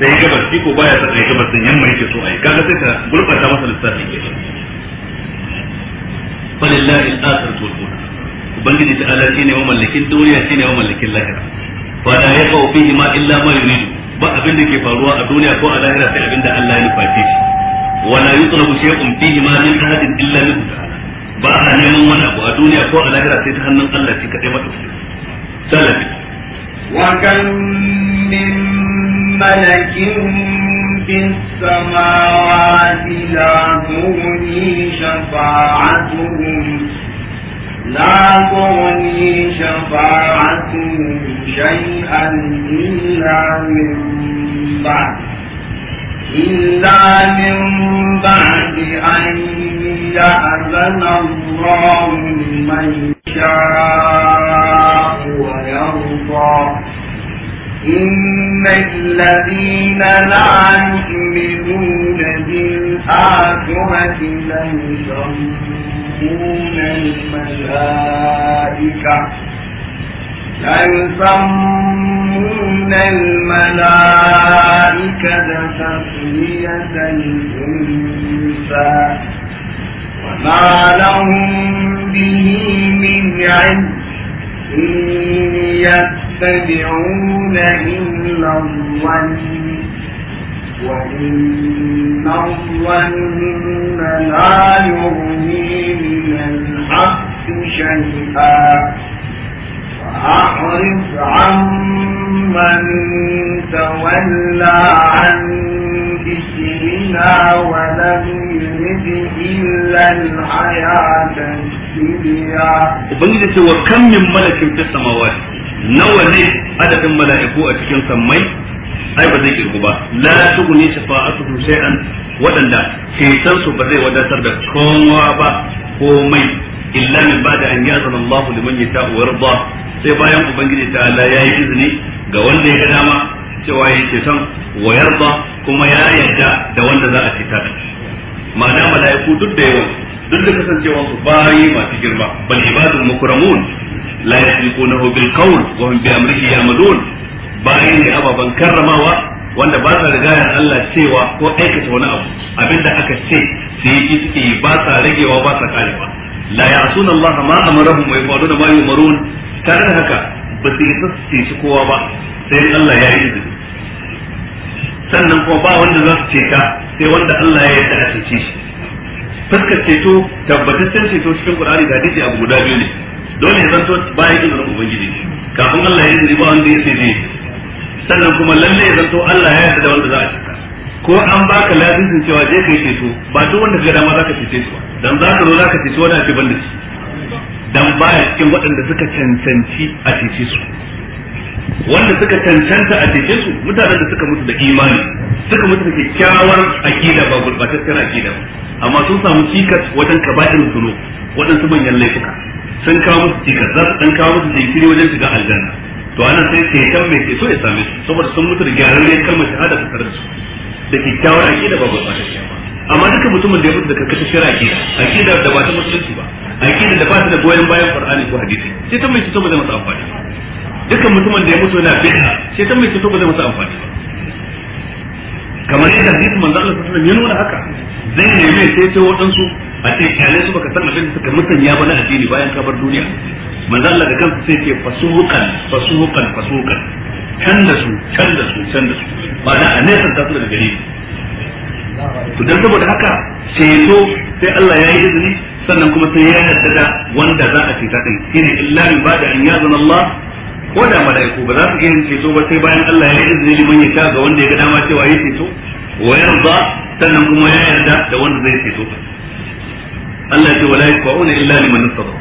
da ya gabas shi ko baya sa ya gabas din yamma yake so ai kaga sai ta gurbata masa lissafi ke falillahi al-akhiratu wal-ula ubangiji ta ala shine mamallakin duniya shine mamallakin lahira fa la yaqau fihi ma illa ma yuridu ba abin da ke faruwa a duniya ko a lahira sai abin da Allah ya nufa shi wa la yutlabu shay'un fihi ma min ahadin illa nufa ba a neman wani abu a duniya ko a lahira sai ta hannun Allah shi kaɗai mata salafi wa kan min malakin shafa a لا تغني شفاعتهم لا تغني شفاعتهم شيئا إلا من بعد إلا من بعد أن يأذن الله لمن شاء ويرضى إن الذين لا يؤمنون بالآخرة ليسمون الملائكة هل سمون الملائكة تسمية الأنثى وما لهم به من علم إن يتبعون إلا الظن وإن الظن لا يغني من الحق شيئا أعرف عمن تولى عن ذكرنا ولم يرد إلا الحياة الدنيا وبنجد وكم من ملك في السماوات nawa ne adadin mala'iku a cikin sammai ai ba zai kirku ba la tughni shafa'atuhum shay'an wadanda cetan su ba zai wadatar da kowa ba komai illa min ba'da an ya'zana Allahu liman yasha'u wa ba. sai bayan ubangiji ta Allah ya yi izini ga wanda ya ga dama cewa ya ce son wayar ba kuma ya yarda da wanda za a ce ta ma'ana mala'iku duk da yawan duk da kasancewar su bayi masu girma bal ibadun mukramun la yasbiqunahu bil qawl wa hum bi amrihi yamadun bayi ne ababan karramawa wanda ba sa ya Allah cewa ko aikata wani abu abinda aka ce su yi ki suke ba sa ragewa ba sa karewa la ya'suna ma amarahum wa yafaluna ma yumarun tare da haka ba su isa su ceci kowa ba sai Allah ya yi izini sannan kuma ba wanda za su ceta sai wanda Allah ya yarda a cece shi fuskar ceto tabbataccen ceto cikin Qur'ani da hadisi abu guda biyu ne dole ya zanto bayan izinin ubangiji kafin Allah ya izini ba wanda ya cece sannan kuma lalle ya zanto Allah ya yarda da wanda za a ceta ko an baka lazimin cewa je kai ceto ba duk wanda ka ga dama zaka cece shi ba dan ka zo zaka cece wani a ce ban da shi dan baya cikin waɗanda suka cancanci a cece su wanda suka cancanta a cece su mutanen da suka mutu da imani suka mutu da kyakkyawar aqida ba gurbataccen aqida amma sun samu cikas wajen kaba'ir zuno waɗansu manyan laifuka sun kawo musu cikas za su dan kawo musu jinkiri wajen shiga aljanna to ana sai ceton mai ceto ya same su saboda sun mutu da gyararriyar kalmar shahada ta tare da su da kyakkyawar aqida ba gurbataccen amma duka mutumin da ya mutu da karkashin shirya ke akida da ba ta musulunci ba akida da ba ta da goyon bayan qur'ani ko hadisi sai ta mai fito ba zai masa amfani duka mutumin da ya mutu yana bid'a sai ta mai fito ba zai masa amfani ba kamar yadda hadisi manzo Allah sallallahu alaihi wasallam ya nuna haka zai neme sai ce wadansu a ce kyale su baka san abin da suka musanya ba na addini bayan ka bar duniya manzo Allah da kansa sai ke fasuhukan fasuhukan fasuhukan kan da su kan da su kan da su ba da a nesa ta su daga gare to dan saboda haka ceto sai Allah ya yi izini sannan kuma sai ya yarda da wanda za a ta din shine illa ba ba'da an yazana Allah ko da malaiku ba za su iya ceto ba sai bayan Allah ya yi izini liman ya ga wanda ya ga dama cewa ya ceto wa yarda sannan kuma ya yarda da wanda zai ceto Allah ya ce wala yaqauna illa liman nasaba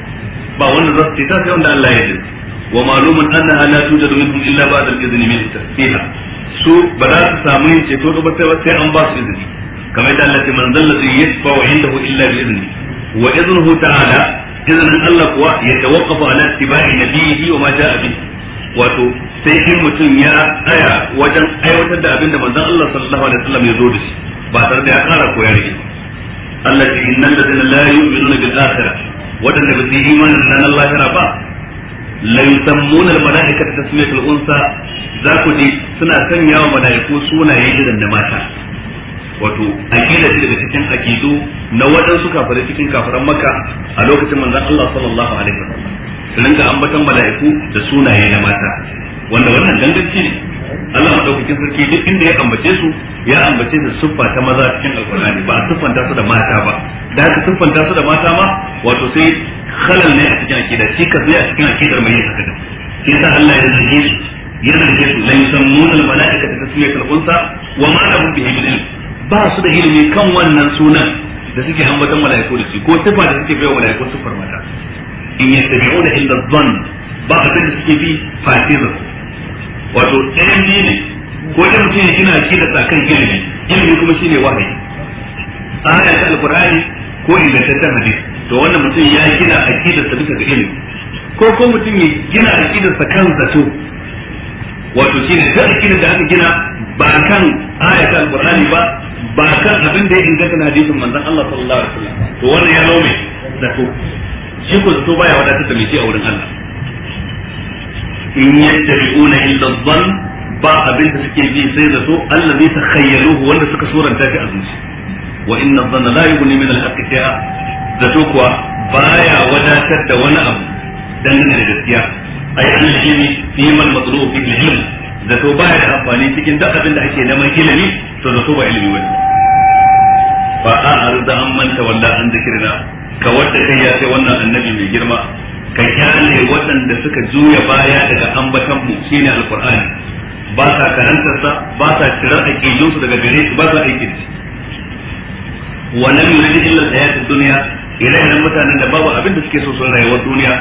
ba wanda za su ceta sai wanda Allah ya yi wa malumun ana la tujadu minhum illa a al-izni min fiha su ba za su samu yin ceto ba sai an ba su izini kamar yadda Allah ya man zallati yashfa'u indahu illa bi idni wa idnuhu ta'ala izinin Allah kuwa ya tawaqqafu ala ittiba'i nabiyhi wa ma ja'a bi wato sai in mutum ya tsaya wajen aiwatar da abin da manzon Allah sallallahu alaihi wasallam ya zo da shi ba tare da ya kara ko ya rage Allah ya innal ladina la yu'minuna bil akhirah wadanda ba su yi imanin nan lahira ba la yusammuna al malaikata tasmiyatul unsa za ku ji suna sanya wa malaiku sunaye irin da mata wato aqida ce daga cikin aqidu na waɗansu kafirai cikin kafiran makka a lokacin manzon Allah sallallahu alaihi wasallam ga ambatan mala'iku da sunaye na mata wanda wannan dangantaci ne Allah madaukakin sarki duk inda ya ambace su ya ambace su siffa ta maza cikin alkur'ani ba siffanta su da mata ba da haka siffanta su da mata ma wato sai khalal ne a cikin aqida shi ka a cikin aqidar mai yin haka shi yasa Allah ya zage su ya zage su la yusammuna al-mala'ikata tasmiyatan unsa wa ma lahum bihi min ilm ba su da ilimi kan wannan sunan da suke hambatan mala'iku da su, ko sifa da suke baiwa mala'iku sifar mata in yattabi'una illa dhann ba abin da suke bi fatiza wato ɗayan biyu ne ko ɗan mutum yana ci da tsakan ilimi ilimi kuma shi ne wahayi aya ta alqur'ani ko ingantaccen hadisi to wannan mutum ya gina aqidar sa bisa ga ilimi ko ko mutum ya gina aqidar sa tsakan zato wato shine da aqidar da aka gina ba kan aya ta ba ba kan abin da ya inganta na hadisin manzon Allah sallallahu alaihi wasallam to wannan ya zo mai zato shi ko zato baya wadatar da mai shi a wurin Allah in yattabi'una illa dhann ba abin da suke bi sai zato ta takhayyaluhu wanda suka suranta shi a zuci wa inna dhanna la yughni min al-haqqi shay'a zato kuwa baya wadatar da wani abu dangane da gaskiya ay an ilmi fi man madruhu fi al-ilm Da zato baya da amfani cikin duk abin da ake neman ilimi to zato ba ilimi bane fa a'arda manta tawalla an zikrina ka wanda kai ya kai wannan annabi mai girma ka kyale waɗanda suka juya baya daga ambatan mu shine alqur'ani ba sa karantar sa ba sa tirar aqidun su daga gare su ba sa aikin da Wannan lam illa hayat ad-dunya mutanen da babu abin da suke so sun rayuwar duniya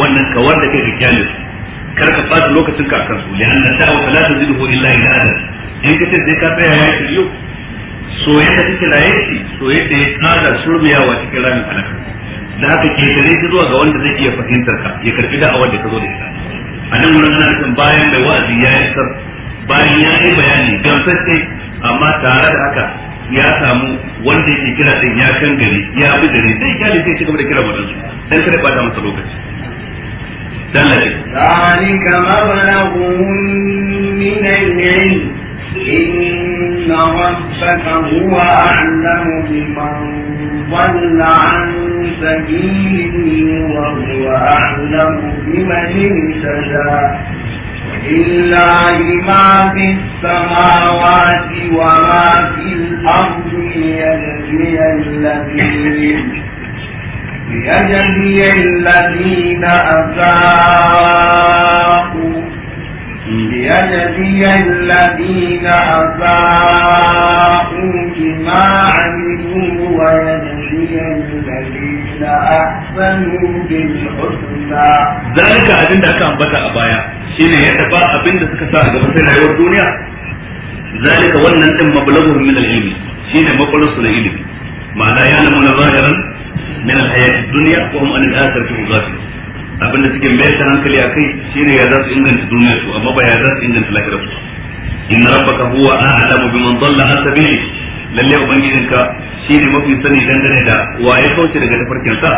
wannan kawar da kai ka kyale su kar ka lokacin ka akan su lian da da'wa la tazidu illa ila adam in ka ce sai ka tsaya ya ki yau soyayya take raye ki soyayya ya tsada surbiyawa cikin ramin alaka da haka ke tare ki zuwa ga wanda zai iya fahimtar ka ya karbi da'awar da ka zo da ita a nan wurin ana nufin bayan mai wa'azi ya yi sar bayan ya yi bayani gamsasce amma tare da haka ya samu wanda yake kira din ya kan gari ya bi gari sai ya ce shi gaba da kira wannan dan kada bata masa lokaci ذلك مبلغهم من العلم إن ربك هو أعلم بمن ضل عن سبيله وهو أعلم بمن اهتدى لله ما في السماوات وما في الأرض ليجزي الذين ليجزي الذين أساءوا ليجزي الذين أساءوا بما عملوا ويجزي الذين أحسنوا بالحسنى ذلك أبين ذاك أنبتا أبايا شين يتبع أبين ذاك ساعة قبل سنة الدنيا ذلك ونن مبلغهم من العلم شين مبلغ سنة علم معناه يعلمون ظاهرا min al-hayati dunya wa hum an al-akhirati ghafilun abin da suke mayar da hankali akai shine ya za su inganta duniya su amma ba ya za su inganta lafiya su in rabbaka huwa a'lamu biman dalla an sabili lalle ubangijinka shine mafi sani dangane da wa ya kauce daga tafarkin sa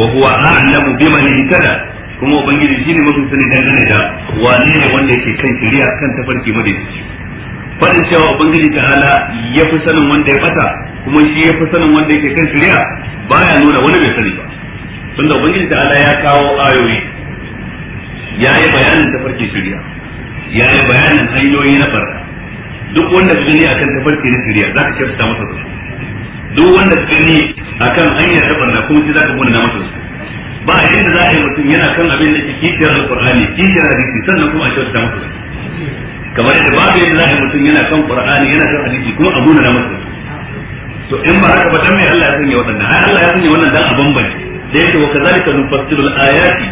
wa huwa a'lamu biman ihtada kuma ubangiji shine mafi sani dangane da wane ne wanda yake kan shari'a kan tafarki madaidaici fadin cewa ubangiji ta'ala ya fi sanin wanda ya bata kuma shi ya fi sanin wanda yake kan shari'a baya nuna wani bai sani ba tunda ubangiji ta Allah ya kawo ayoyi ya yi bayanin tafarkin shari'a ya yi bayanin hanyoyi na fara duk wanda su gani akan tafarki na shari'a za ka ta masa su duk wanda su gani akan hanyar ta barna kuma shi za ka gudana masa su ba a yadda za a yi mutum yana kan abin da ke kishiyar alkur'ani kishiyar hadisi sannan kuma a ta masa su kamar yadda babu yadda za a yi mutum yana kan qur'ani yana kan hadisi kuma a gudana masa su to in ba haka ba dan mai Allah ya sanya wannan ai Allah ya sanya wannan dan a bambance da yake wa kazalika nufassirul ayati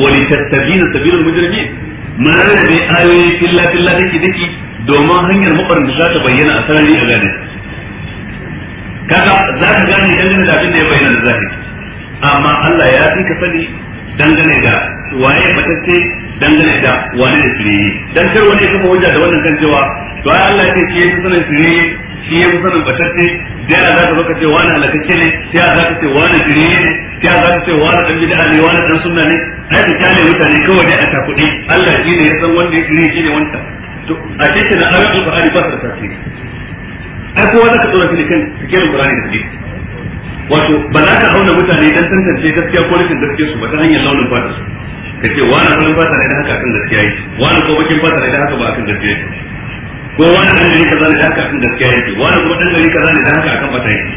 wa litattabina sabilul mujrimin mun rarrabe ayoyi filla filla dake dake domin hanyar mabarin da za ta bayyana a sarari a gane kaga za ka gane dangane da abin da ya bayyana da zahiri amma Allah ya fi ka sani dangane da waye matacce dangane da wani da sirri dan kar wani ya kuma hujja da wannan kan cewa to ai Allah ya ce shi ya sanin sirri shi ya sanin batacce sai a za ka ce wani halakakke ne sai a za ce wani jiri ne sai a za ce wani dan bid'a ne wani dan sunna ne ai ka kyale mutane kawai dai a kudi Allah shi ne ya san wanda yake ne shi ne wanda to a ce ke da ba Qur'ani ba ta tafsiri ai kowa wanda ka tsora shi kan cikin Qur'ani da hadisi wato ba za ka auna mutane dan tantance gaskiya ko rashin gaskiya su ba ta hanyar launin fata su kace wani launin fata ne da haka akan gaskiya yi wani ko bakin fata ne da haka ba akan gaskiya yi ko wani dan gari kaza ne haka akan gaskiya yake wani kuma dan gari kaza ne da haka akan fata yake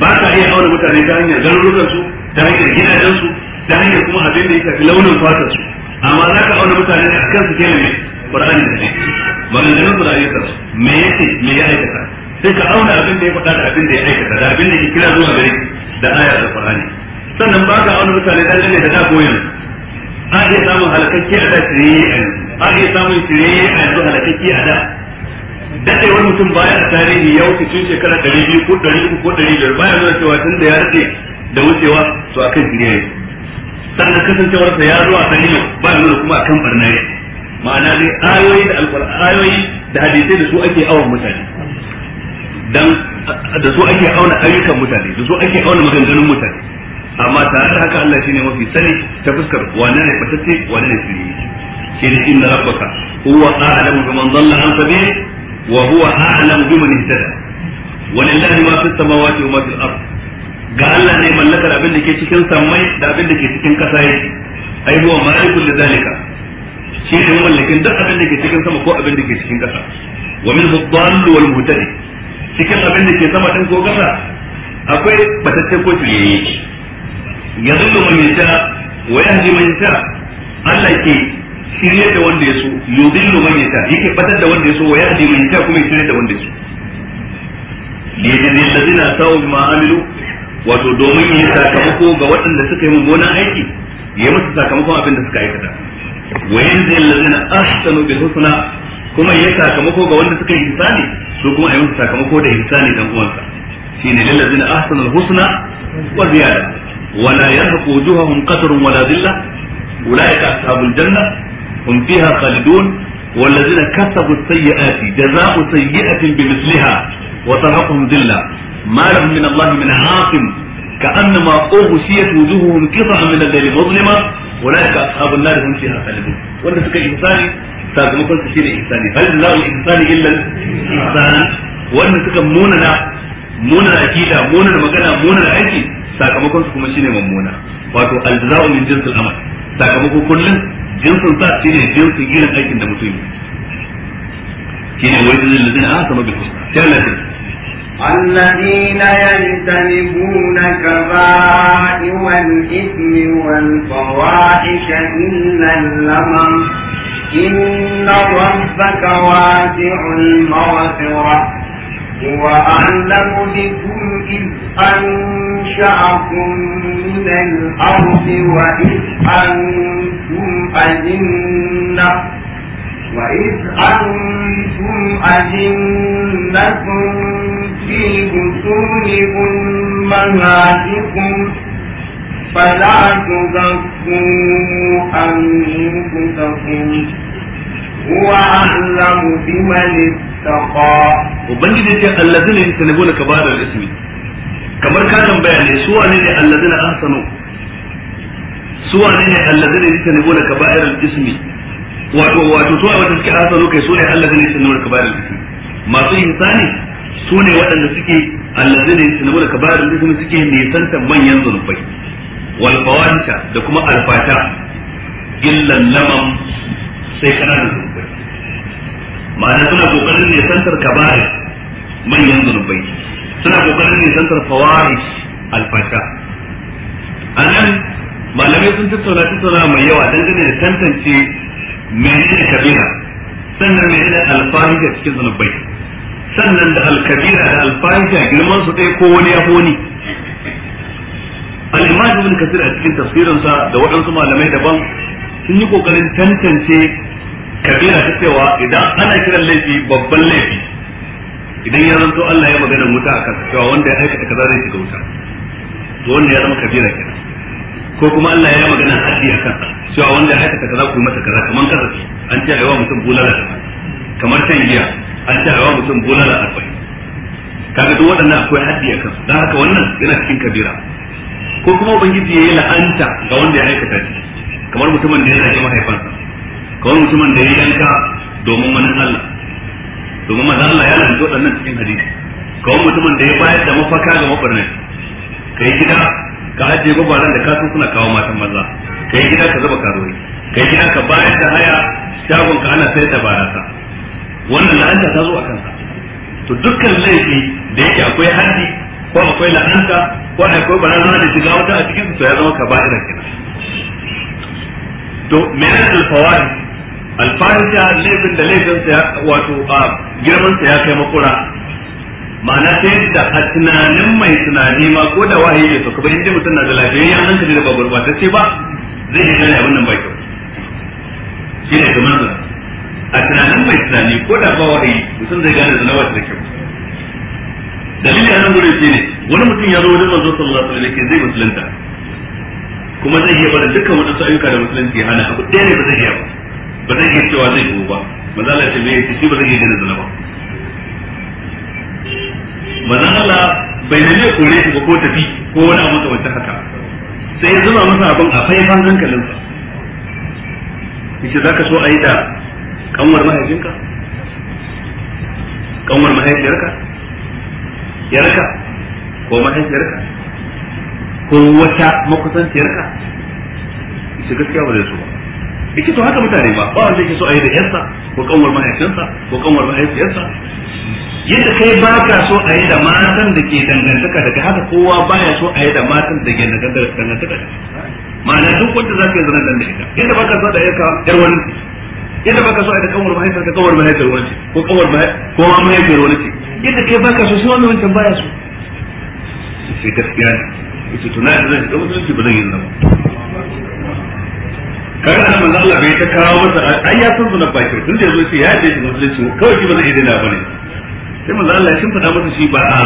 ba ka iya aure mutane ta hanyar garurukan su ta hanyar gidajen su ta hanyar kuma abin da ya tafi launin fatar su amma za ka aure mutane ne akan su kenan ne ƙur'ani da ne maganganun su da ayyukan su me yake me ya aikata sai ka auna abin da ya faɗa da abin da ya aikata da abin da ke kira zuwa gari da aya da ƙur'ani sannan ba ka aure mutane ta hanyar da ta koyar a iya samun halakakki a da shirye a yanzu a iya samun shirye a yanzu halakakki a da dade wani mutum baya a tarihi ya wuce tun shekara ɗari biyu ko ɗari uku ko ɗari biyar baya zuwa cewa tun da ya rage da wucewa to akan shirya ne sannan kasancewarsa ya zuwa ne. ba nuna kuma akan barna ne ma'ana dai ayoyi da alƙur'ayoyi da hadisai da su ake awon mutane dan da su ake auna ayyukan mutane da su ake auna maganganun mutane amma tare da haka Allah shine mafi sani ta fuskar wane ne fatacce wane ne sirri shi ne inna rabbaka huwa a'lamu biman dhalla an sabili wa huwa a'lam biman ihtada walillahi ma fis samawati wa ma fil ard ga Allah ne mallakar abin da ke cikin samai da abin da ke cikin kasa yake ai huwa malikul lidhalika shi ne mallakin duk abin da ke cikin sama ko abin da ke cikin kasa wa min dhall wal mutadi cikin abin da ke sama din ko kasa akwai batacce ko ya yadullu man ta wa yahdi man ta Allah ke shirye da wanda ya so yudillu man yasha yake batar da wanda ya so wa yahdi man yasha kuma shirye da wanda ya so da zina sa'u bima amilu wato domin yi sakamako ga waɗanda suka yi mummunan aiki ya musu sakamakon abin da suka aikata wa yanzu allazina ahsanu bi husna kuma ya sakamako ga wanda suka yi ihsani su kuma ayi musu sakamako da ihsani dan uwansa shine ne ladzina ahsanu al husna wa ziyada wa la yarhaqu wujuhahum qatrun wa la dhilla ulaika ashabul janna هم فيها خالدون والذين كسبوا السيئات جزاء سيئة بمثلها وترهقهم ذلة ما لهم من الله من عاصم كأنما أغشيت وجوههم قطعا من الليل مظلمة أولئك أصحاب النار هم فيها خالدون وأن إنساني sakamakon su shine insani hal lahu insani illa insan Wannan suka munana munana akida munana magana munana aiki sakamakon su kuma shine mummuna wato aljaza'u min jinsil amal sakamakon kullun jinsin sa shine jinsin irin aikin da mutum shine wai da ladina asama bil husna sai Allah الذين يجتنبون كبائر الإثم والفواحش إلا اللمم إن ربك واسع المغفرة هو أعلم بكم إذ أن من الأرض وإذ أنتم أجنة وإذ أنتم أجنة في بطون أمهاتكم فلا تزكوا أنفسكم هو أعلم بمن اتقى وبنجد الذين يتنبون كبار الاسم kamar ka tambaya ne su wane ne na ahsanu su wane ne allazina yatanibuna kaba'irul ismi wato wato su wanda suke ahsanu kai su ne allazina yatanibuna kaba'irul ismi masu ihsani su ne waɗanda suke allazina yatanibuna kaba'irul ismi suke nisantar manyan zunubai wal fawahisha da kuma alfasha illan lamam sai kananan zunubai ma'ana suna kokarin nisantar kaba'ir manyan zunubai suna kokarin nisantar fawahish alfasha A nan, malamai sun tattauna tattauna mai yawa dangane da tantance menene kabira sannan menene alfahisha cikin zunubai sannan da alkabira da alfahisha girman su ɗaya ko wani ya wani al-imam ibn kasir a cikin tafsirinsa da waɗansu malamai daban sun yi kokarin tantance kabira ta cewa idan ana kiran laifi babban laifi idan ya zanto Allah ya magana wuta a kansa cewa wanda ya aikata kaza zai shiga wuta to wanda ya zama kabira ke ko kuma Allah ya magana haddi a kansa cewa wanda ya aikata kaza ku masa kaza kamar kaza an ce aiwa mutum bulala kamar shan giya an ce aiwa mutum bulala arba'in kaga duk waɗannan akwai haddi a kan. don haka wannan yana cikin kabira ko kuma ubangiji ya yi la'anta ga wanda ya aikata shi kamar mutumin da ya zage mahaifansa kamar mutumin da ya yanka domin wani Allah domin manzo Allah ya lanto waɗannan cikin hadisi kawai mutumin da ya bayar da mafaka ga ka yi gida ka ajiye gwabaran da kasu suna kawo matan maza ka yi gida ka zuba ka yi gida ka bayar da haya shagon ka ana sayar da barasa wannan la'anta ta zo a kansa to dukkan laifi da yake akwai haddi ko akwai la'anta ko akwai barazana da shiga wata a cikin su ya zama ka ba'ira kina to me alfahisha laifin da laifin sa wato a girman sa ya kai makura ma'ana ta yadda a tunanin mai tunani ma ko da wahayi ne sauka kuma inda mutum na da lafiya ya hankali da ba gurbatacce ba zai yi gane wannan bai ba kyau shi ne kuma a tunanin mai tunani ko da ba wahayi mutum zai gane zina wata da kyau dalili a nan gudun shi ne wani mutum ya zo wajen manzo sallallahu alaihi wasallam zai musulunta kuma zai yi bar dukkan wasu ayyuka da musulunci hana abu ɗaya ne ba zai yi ba ba zai iya cewa zai tuba ba manzo Allah ce bai shi ba zai iya ganin zina ba manzo Allah bai nemi kore shi ba ko tafi ko wani abu wata haka sai ya zuba masa abin a hankalin hankalinsa yace zaka so a yi da kanwar mahaifinka kanwar mahaifiyarka yarka ko mahaifiyarka ko wata makusanciyarka yace gaskiya ba zai so ba yake to haka mutane ba ba wanda yake so a yi da yarsa ko kanwar mahaifinsa ko kanwar mahaifiyarsa yadda kai ba ka so a yi da matan da ke dangantaka daga haka kowa baya so a yi da matan da ke dangantaka ma'ana duk wanda za ka yi zanen da ita yadda baka so da yarka yar wani yadda baka so a yi da kanwar mahaifinka kanwar mahaifiyar wani ce ko kanwar ko ma mahaifiyar wani ce yadda kai baka so sai wani wancan ba ya so sai gaskiya ne ita tunani zan shiga mutunci ba zan yi zama kaga nan manzo Allah bai ta kawo masa ai ya san sunan baki tun da yazo shi ya je ce musulunci kawai shi ba zai dina bane sai manzo Allah ya shimfida masa shi ba a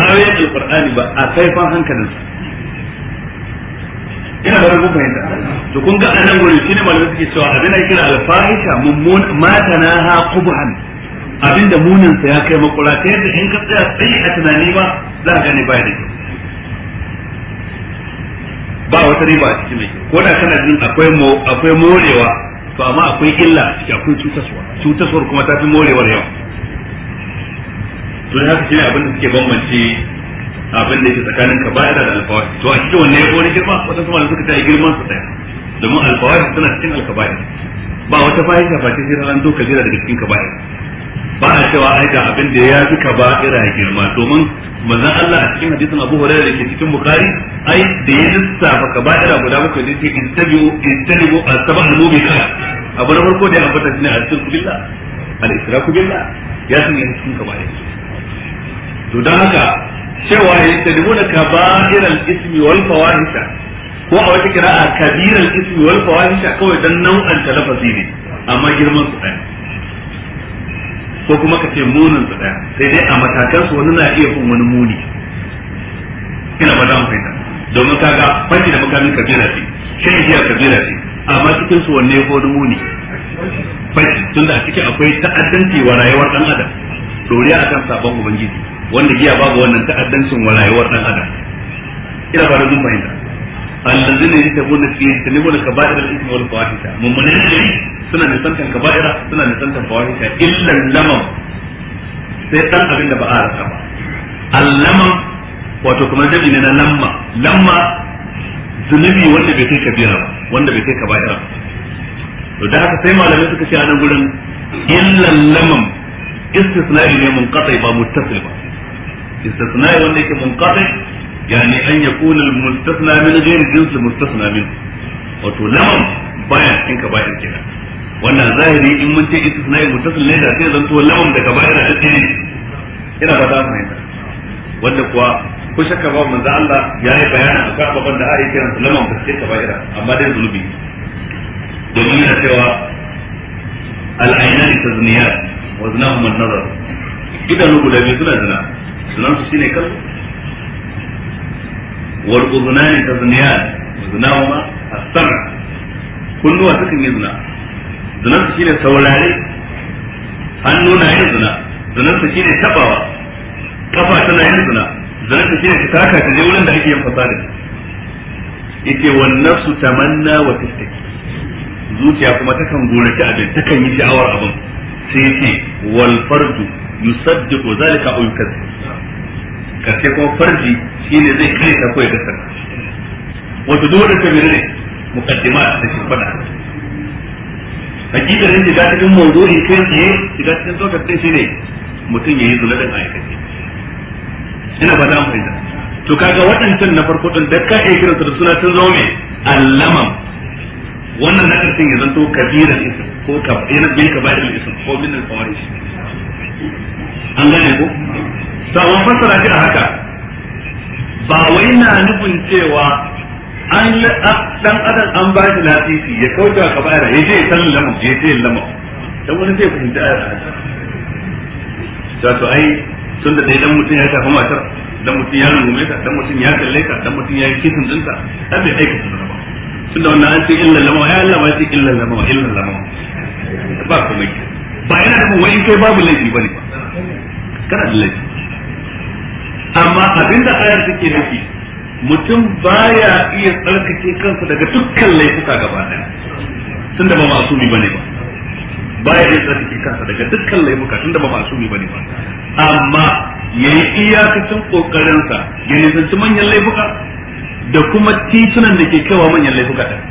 ayoyin alqur'ani ba a kaifan hankalinsa ina da rabu fahimta to kun ga anan gurin shine malamin suke cewa abin da kira alfahisha mummun matana ha qubhan abinda munin sa ya kai makura ta yadda in ka tsaya tsaye a tunani ba za ka gane ba da kyau ba wata riba a cikin mai ko da kana jin akwai mo akwai morewa to amma akwai illa ya akwai cutaswa cutaswar kuma ta fi morewar yawa to haka shine abin da suke bambance abin da yake tsakanin ba da alfawar to a cikin wanne ya wani girma wata kuma suka ta girman su daya domin alfawar tana cikin alkaba'ir ba wata fahimta ba ta jira an doka jira daga cikin kabari. ba a cewa ai ga abin da ya fi kaba'ira girma domin manzon Allah a cikin hadisin Abu Hurairah da ke cikin Bukhari ai da ya lissafa kaba'ira guda bakwai ne ce intabiu intalibu as-sab'a mubi ka abu na farko da ya ambata shine al-shirku billah al-israku billah ya san ya cikin kaba'ira to dan haka cewa yastadibu da kaba'ira al-ismi wal fawahisha ko a wata kira'a kabira ismi wal fawahisha kawai dan nau'an talafazi ne amma girman su ɗaya ko kuma ka ce munin su daya sai dai a matakan su wani na iya fin wani muni ina ba zan fita fahimta domin kaga fanki da makamin kabila ce shan giya kabila ce amma cikin su wanne ko wani muni fanki tun a cikin akwai ta'addanci wa rayuwar dan adam doriya akan sabon ubangiji wanda giya babu wannan ta'addancin wa rayuwar dan adam ina ba da mun fahimta allazina yatabuna fi tanibul kaba'ir al-ithmi wal fawahisha mummunan suna nisantar kaba'ira suna nisantar fawahisha illan lamam sai dan abin da ba a rasa ba allamam wato kamar dabi ne na lamma lamma zunubi wanda bai kai kabira ba wanda bai kai kaba'ira to da haka sai malamai suka ce a nan gurin illan lamam istisna'i ne mun munqati ba muttasil ba istisna'i wanda yake munqati yani an yakuna al-mustasna min ghairi jinsi mustasna min wato lamam baya cikin kaba'ir kenan wannan zahiri in mun ce istisna'i mutasil ne da sai zanto lawan daga bayan da tsiri ina ba za mu yi wanda kuwa ko shakka ba manzo Allah ya yi bayanin akan babban da ayi kiran lawan ba sai kabaira amma dai zulubi domin yana cewa al-ainani tazniyat wa zinahum an-nazar idanu guda biyu suna zina sunan su shine kallo wal udhunani tazniyat wa zinahuma as-sam' kunnuwa sukan yi zina zunansa shine saurare hannu na yin zina zunansa shine tabawa kafa tana yin zina zunansa shine ta taka ta je wurin da ake yin fasada yake wan nafsu tamanna wa tastaki zuciya kuma takan gonaki abin takan yi sha'awar abin sai yake wal fardu yusaddiqu zalika aw yukazzib kace kuma farji shine zai kai ta ko da kasar wato dole ta menene muqaddimat da shi fada hakikanin shiga cikin mawdu'i kai tsaye shiga cikin tsokar sai shine mutum ya yi zuladan aikace ina ba za mu fahimta to kaga waɗancan na farko din da ka iya su da suna sun zama mai allamam wannan na karshen ya zanto kabiran isa ko ka bil kaba'ir isa ko min al fawahish an gane ko Sabon fassara shi a haka ba wai na nufin cewa an dan adam an ba shi lafifi ya kauce ka bayar ya je san ya je lama dan wani zai fahimta ayar da to ai sun da dai dan mutun ya tafi matar dan mutun ya rungume ta dan mutun ya kalle ka dan mutun ya yi kisan dinka dan bai aikata ba sun da wannan an ce illa lamu ya Allah ya ce illa lamu illa lamu ba mai ba yana da wani kai babu laifi bane ba kana da laifi amma abinda ayar take nufi mutum baya iya tsarkake kansa daga dukkan laifuka gaba daya da ba masumi bane ba baya iya tsarkake kansa daga dukkan laifuka tun da ba masumi bane ba amma yayi iyakacin kokarinsa ya nisanci manyan laifuka da kuma titunan da ke kaiwa manyan laifuka ɗin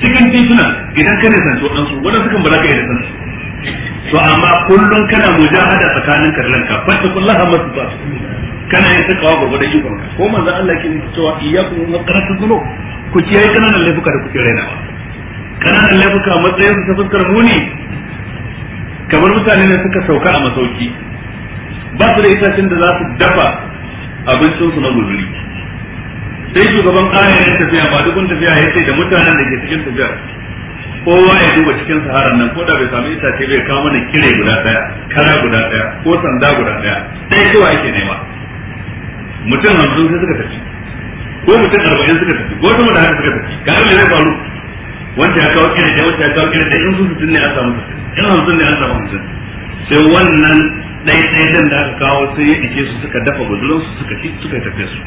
cikin titunan idan ka nisanci waɗansu waɗansu kan ba za ka iya nisanci to amma kullum kana mujahada tsakanin karlanka fata kullaha masu ba kana yin takawa gurgurdan yin kanka ko manzo Allah ke cewa iyyakum wa qaratu dhunub ku kiyaye kananan laifuka da kuke kana kananan laifuka matsayin ta fuskar muni kamar mutane ne suka sauka a masauki ba su da itacen da za su dafa abincin su na guzuri sai shugaban aya ya tafiya ba dukun tafiya ya sai da mutanen da ke cikin tafiyar kowa ya duba cikin saharan nan ko da bai sami itace bai kawo mana kire guda daya kara guda daya ko sanda guda daya sai kowa yake nema mutum hamsin sai suka tafi ko mutum arba'in suka tafi ko sama da haka suka tafi ka abin da zai faru wanda ya kawo kira da wanda ya kawo kira in sun sittin ne an samu in hamsin ne an samu hamsin sai wannan ɗaiɗaiɗan da aka kawo sai ya ike su suka dafa gudurin su suka ci suka tafi su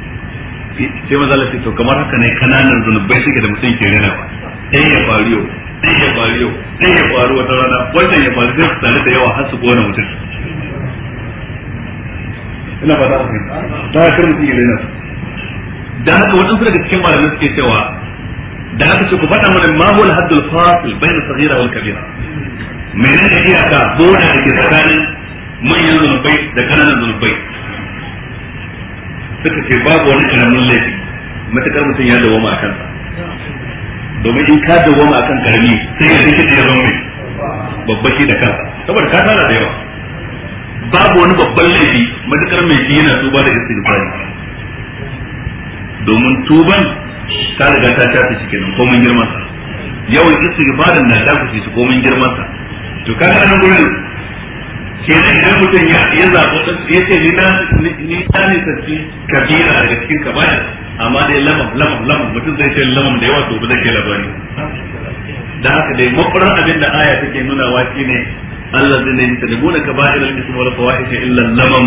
sai maza lafi to kamar haka ne kananan zunubai suke da mutum ke rena ba ɗaya ya faru yau ɗaya ya faru yau ɗaya ya faru wata rana wannan ya faru sai su tare da yawa har su kona mutum ina ba za mu ta haka mutum ya daina da haka waɗansu daga cikin malamai suke cewa da haka ce ku faɗa mana ma huwa al-haddul fasil bayna saghira wal kabira menene iyaka boda da ke tsakanin manyan zunubai da kananan zunubai suka ce babu wani karamin laifi matakar mutum ya dawoma a kansa domin in ka dawoma a kan karami sai ya rikita ya zama mai babba shi da kansa saboda ka tana da yawa babu wani babban laifi matukar mai shi yana tuba da istighfari domin tuban ta riga ta shafe shi kenan komin girman sa yawan istighfarin na ta kuce shi komin girman sa to na nan gurin kenan idan mutum ya ya zabo ya ce ni na ni ta ne tafi kabira daga cikin kabaya amma dai lamam lamam lamam mutum zai ce lamam da yawa to ba zai ke labari da haka dai mafarar abin da aya take nunawa shine allazina yajtanibuna kaba'ir al-ismi wal fawahish illa al-lamam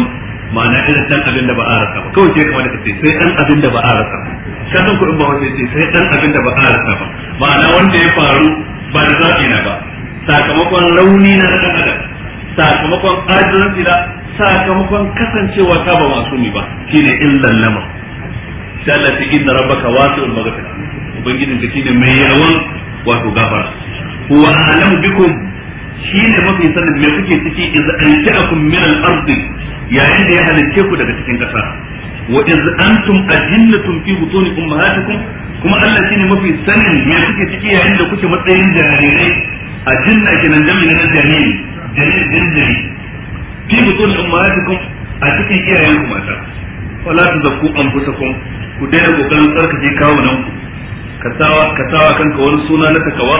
ma'ana irin dan abin da ba a rasa ba kawai sai kamar da sai dan abin da ba a rasa ba kasan ba wanda ce sai dan abin da ba a rasa ma'ana wanda ya faru ba da zabi na ba sakamakon rauni na dan adam sakamakon ajiranci sakamakon kasancewa ta ba masu ni ba shine mai yawan wato gafara huwa a'lamu shine mafi sanin me kuke ciki iz ansha'akum min al-ard yayin da ya halicce ku daga cikin ƙasa wa iz antum ajinnatun fi butuni ummahatikum kuma Allah shine mafi sanin me kuke ciki yayin da kuke matsayin jarirai ajinna kenan jami'in na jami'i jami'in jinjiri fi butuni ummahatikum a cikin iyayen ku mata wala tuzakku anfusakum ku daina kokarin tsarkake kawunan ku kasawa kasawa kanka wani suna na takawa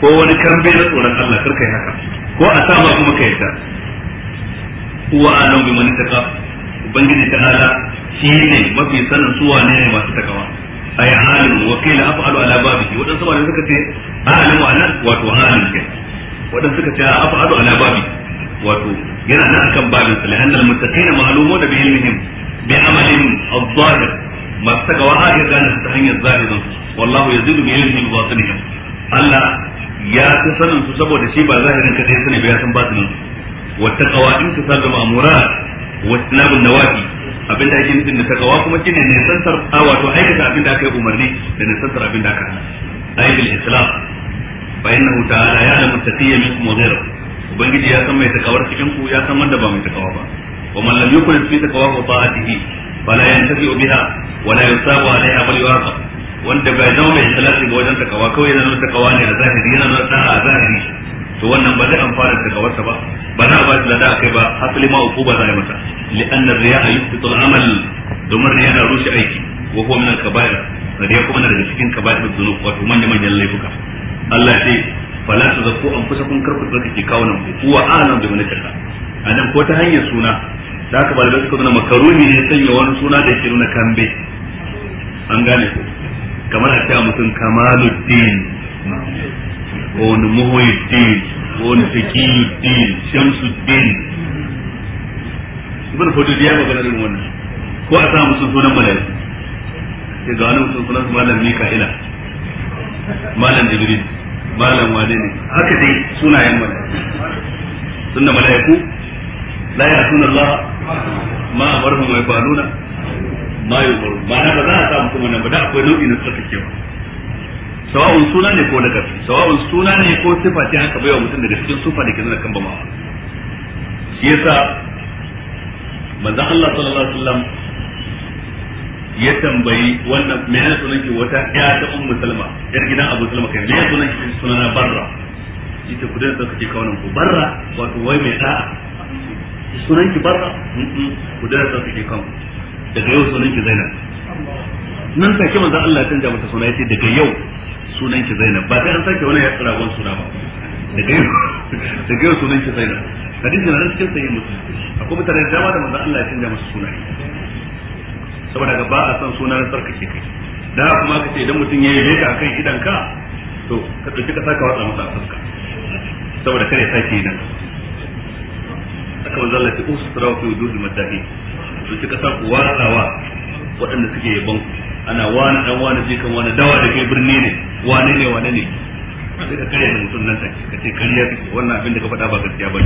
ko wani kambe na tsoron Allah karka yi haka ko a sa ma kuma ka yarda wa alam bi man taqa ubangiji ala shi ne mafi sanin su wane ne masu ta takawa a alim wa wakilin af'alu ala babiki wadan sama ne suka ce alim wa nan wato alim ke wadan suka ce af'alu ala babiki wato yana nan akan babin sa lian al muttaqina ma'lumun bi ilmihim bi amalihim al-zahir masu ta takawa a iya gane ta hanyar zahirin wallahu yazidu bi ilmihim bi batinihim Allah ya fi sanin su saboda shi ba zahirin ka sai sani ba ya san batinin wa taqwa in ka sabu ma'murat wa tinabun nawafi abinda ake nufin da taqwa kuma kine ne santar a wato aikata abinda aka yi umarni da ne santar abinda aka ayyul islam fa innahu ta'ala ya'lamu taqiyya minkum wa ghayruhu ubangiji ya san mai taqwar cikin ku ya san wanda ba mai taqwa ba wa man lam yukun fi taqwa wa ta'atihi fala yantafi biha wa la yusabu alaiha bal yu'aqab wanda bai zama mai salati ga wajen takawa kawai yana nuna takawa ne a zahiri yana nuna ta'a a zahiri to wannan ba zai amfana da takawarsa ba ba za a ba shi lada a kai ba hasali ma uku ba za a yi mata li'anna riya'a yuftitul amal domin riya na rushe aiki ko huwa min al-kaba'ir riya kuma na daga cikin da dhunub wato manya manyan laifuka Allah ya ce fala tuzakku anfusakum karku kawo nan ku wa da wani man a nan ko ta hanyar suna da aka ba da suka nuna makaruni ne sanya wani suna da ke nuna kambe an gane ko kamar a cewa mutum kamaluddin ko wani muhoyiddin ko wani fakiyuddin shamsuddin ibn fadud ya magana irin wannan ko a sa musu sunan malaiku sai ga wani mutum sunan malam mika'ila malam jibril malam wane ne haka dai sunayen malaiku sunna malaiku la ya sunan la ma amarhum wa yafaluna ma yi umaru ba ba za a sa mutum ba da akwai nau'i na tsarkakewa sawa'un suna ne ko na ne ko da ke kan shi yasa Allah sallallahu alaihi wasallam ya tambayi wannan mai yana sunan ki wata ya ta ummu salma yar gidan abu salma kai mai sunan ki sunana barra ita ku sauka ke kawunan ku barra wato wai mai da'a sunan ki barra ku sauka ke kawunan daga yau sunan ki Zainab nan take manzo Allah ya canja mata suna yace daga yau sunan ki Zainab ba sai an sake wani ya tsara gon suna ba daga yau daga yau sunan ki Zainab hadisi na cikin sahihi muslim akwai mutane da dama da manzo Allah ya canja masa suna saboda ga ba a san sunan sarkake kai da kuma kace idan mutum ya yi akan idan ka to ka dauki ka saka wata masa sarka saboda kare sake yi nan aka manzon Allah ya ce usra fi wujudil madahi su suka sa ku warawa waɗanda suke yabon ana wani dan wani je kan wani dawa da kai birni ne wani ne wani ne sai ka kare da mutum nan take ka ce kariya take wannan abin da ka faɗa ba gaskiya ba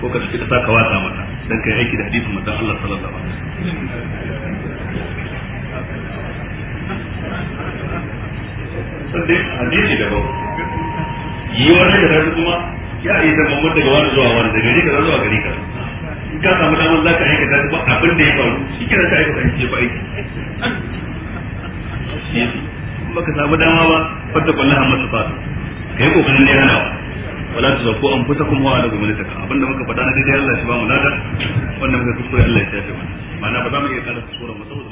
ko ka suke sa ka wata mata dan kai aiki da hadisi mata Allah sallallahu alaihi wasallam hadisi da ba yi wani da kuma ya yi ta mamman daga wani zuwa wani daga gari ka zuwa gari ka in ka samu damar za ka aikata ba abin da ya faru shi kira ka aikata shi ba aiki baka samu dama ba fata kwallon hamma su fata kai kokarin ne yana wala ta zako an fusa kuma wa da gwamnati ta abinda muka faɗa na daidai Allah shi ba mu lada wanda muka kuskure Allah ya tafi mana ba za mu iya kada kuskuren mu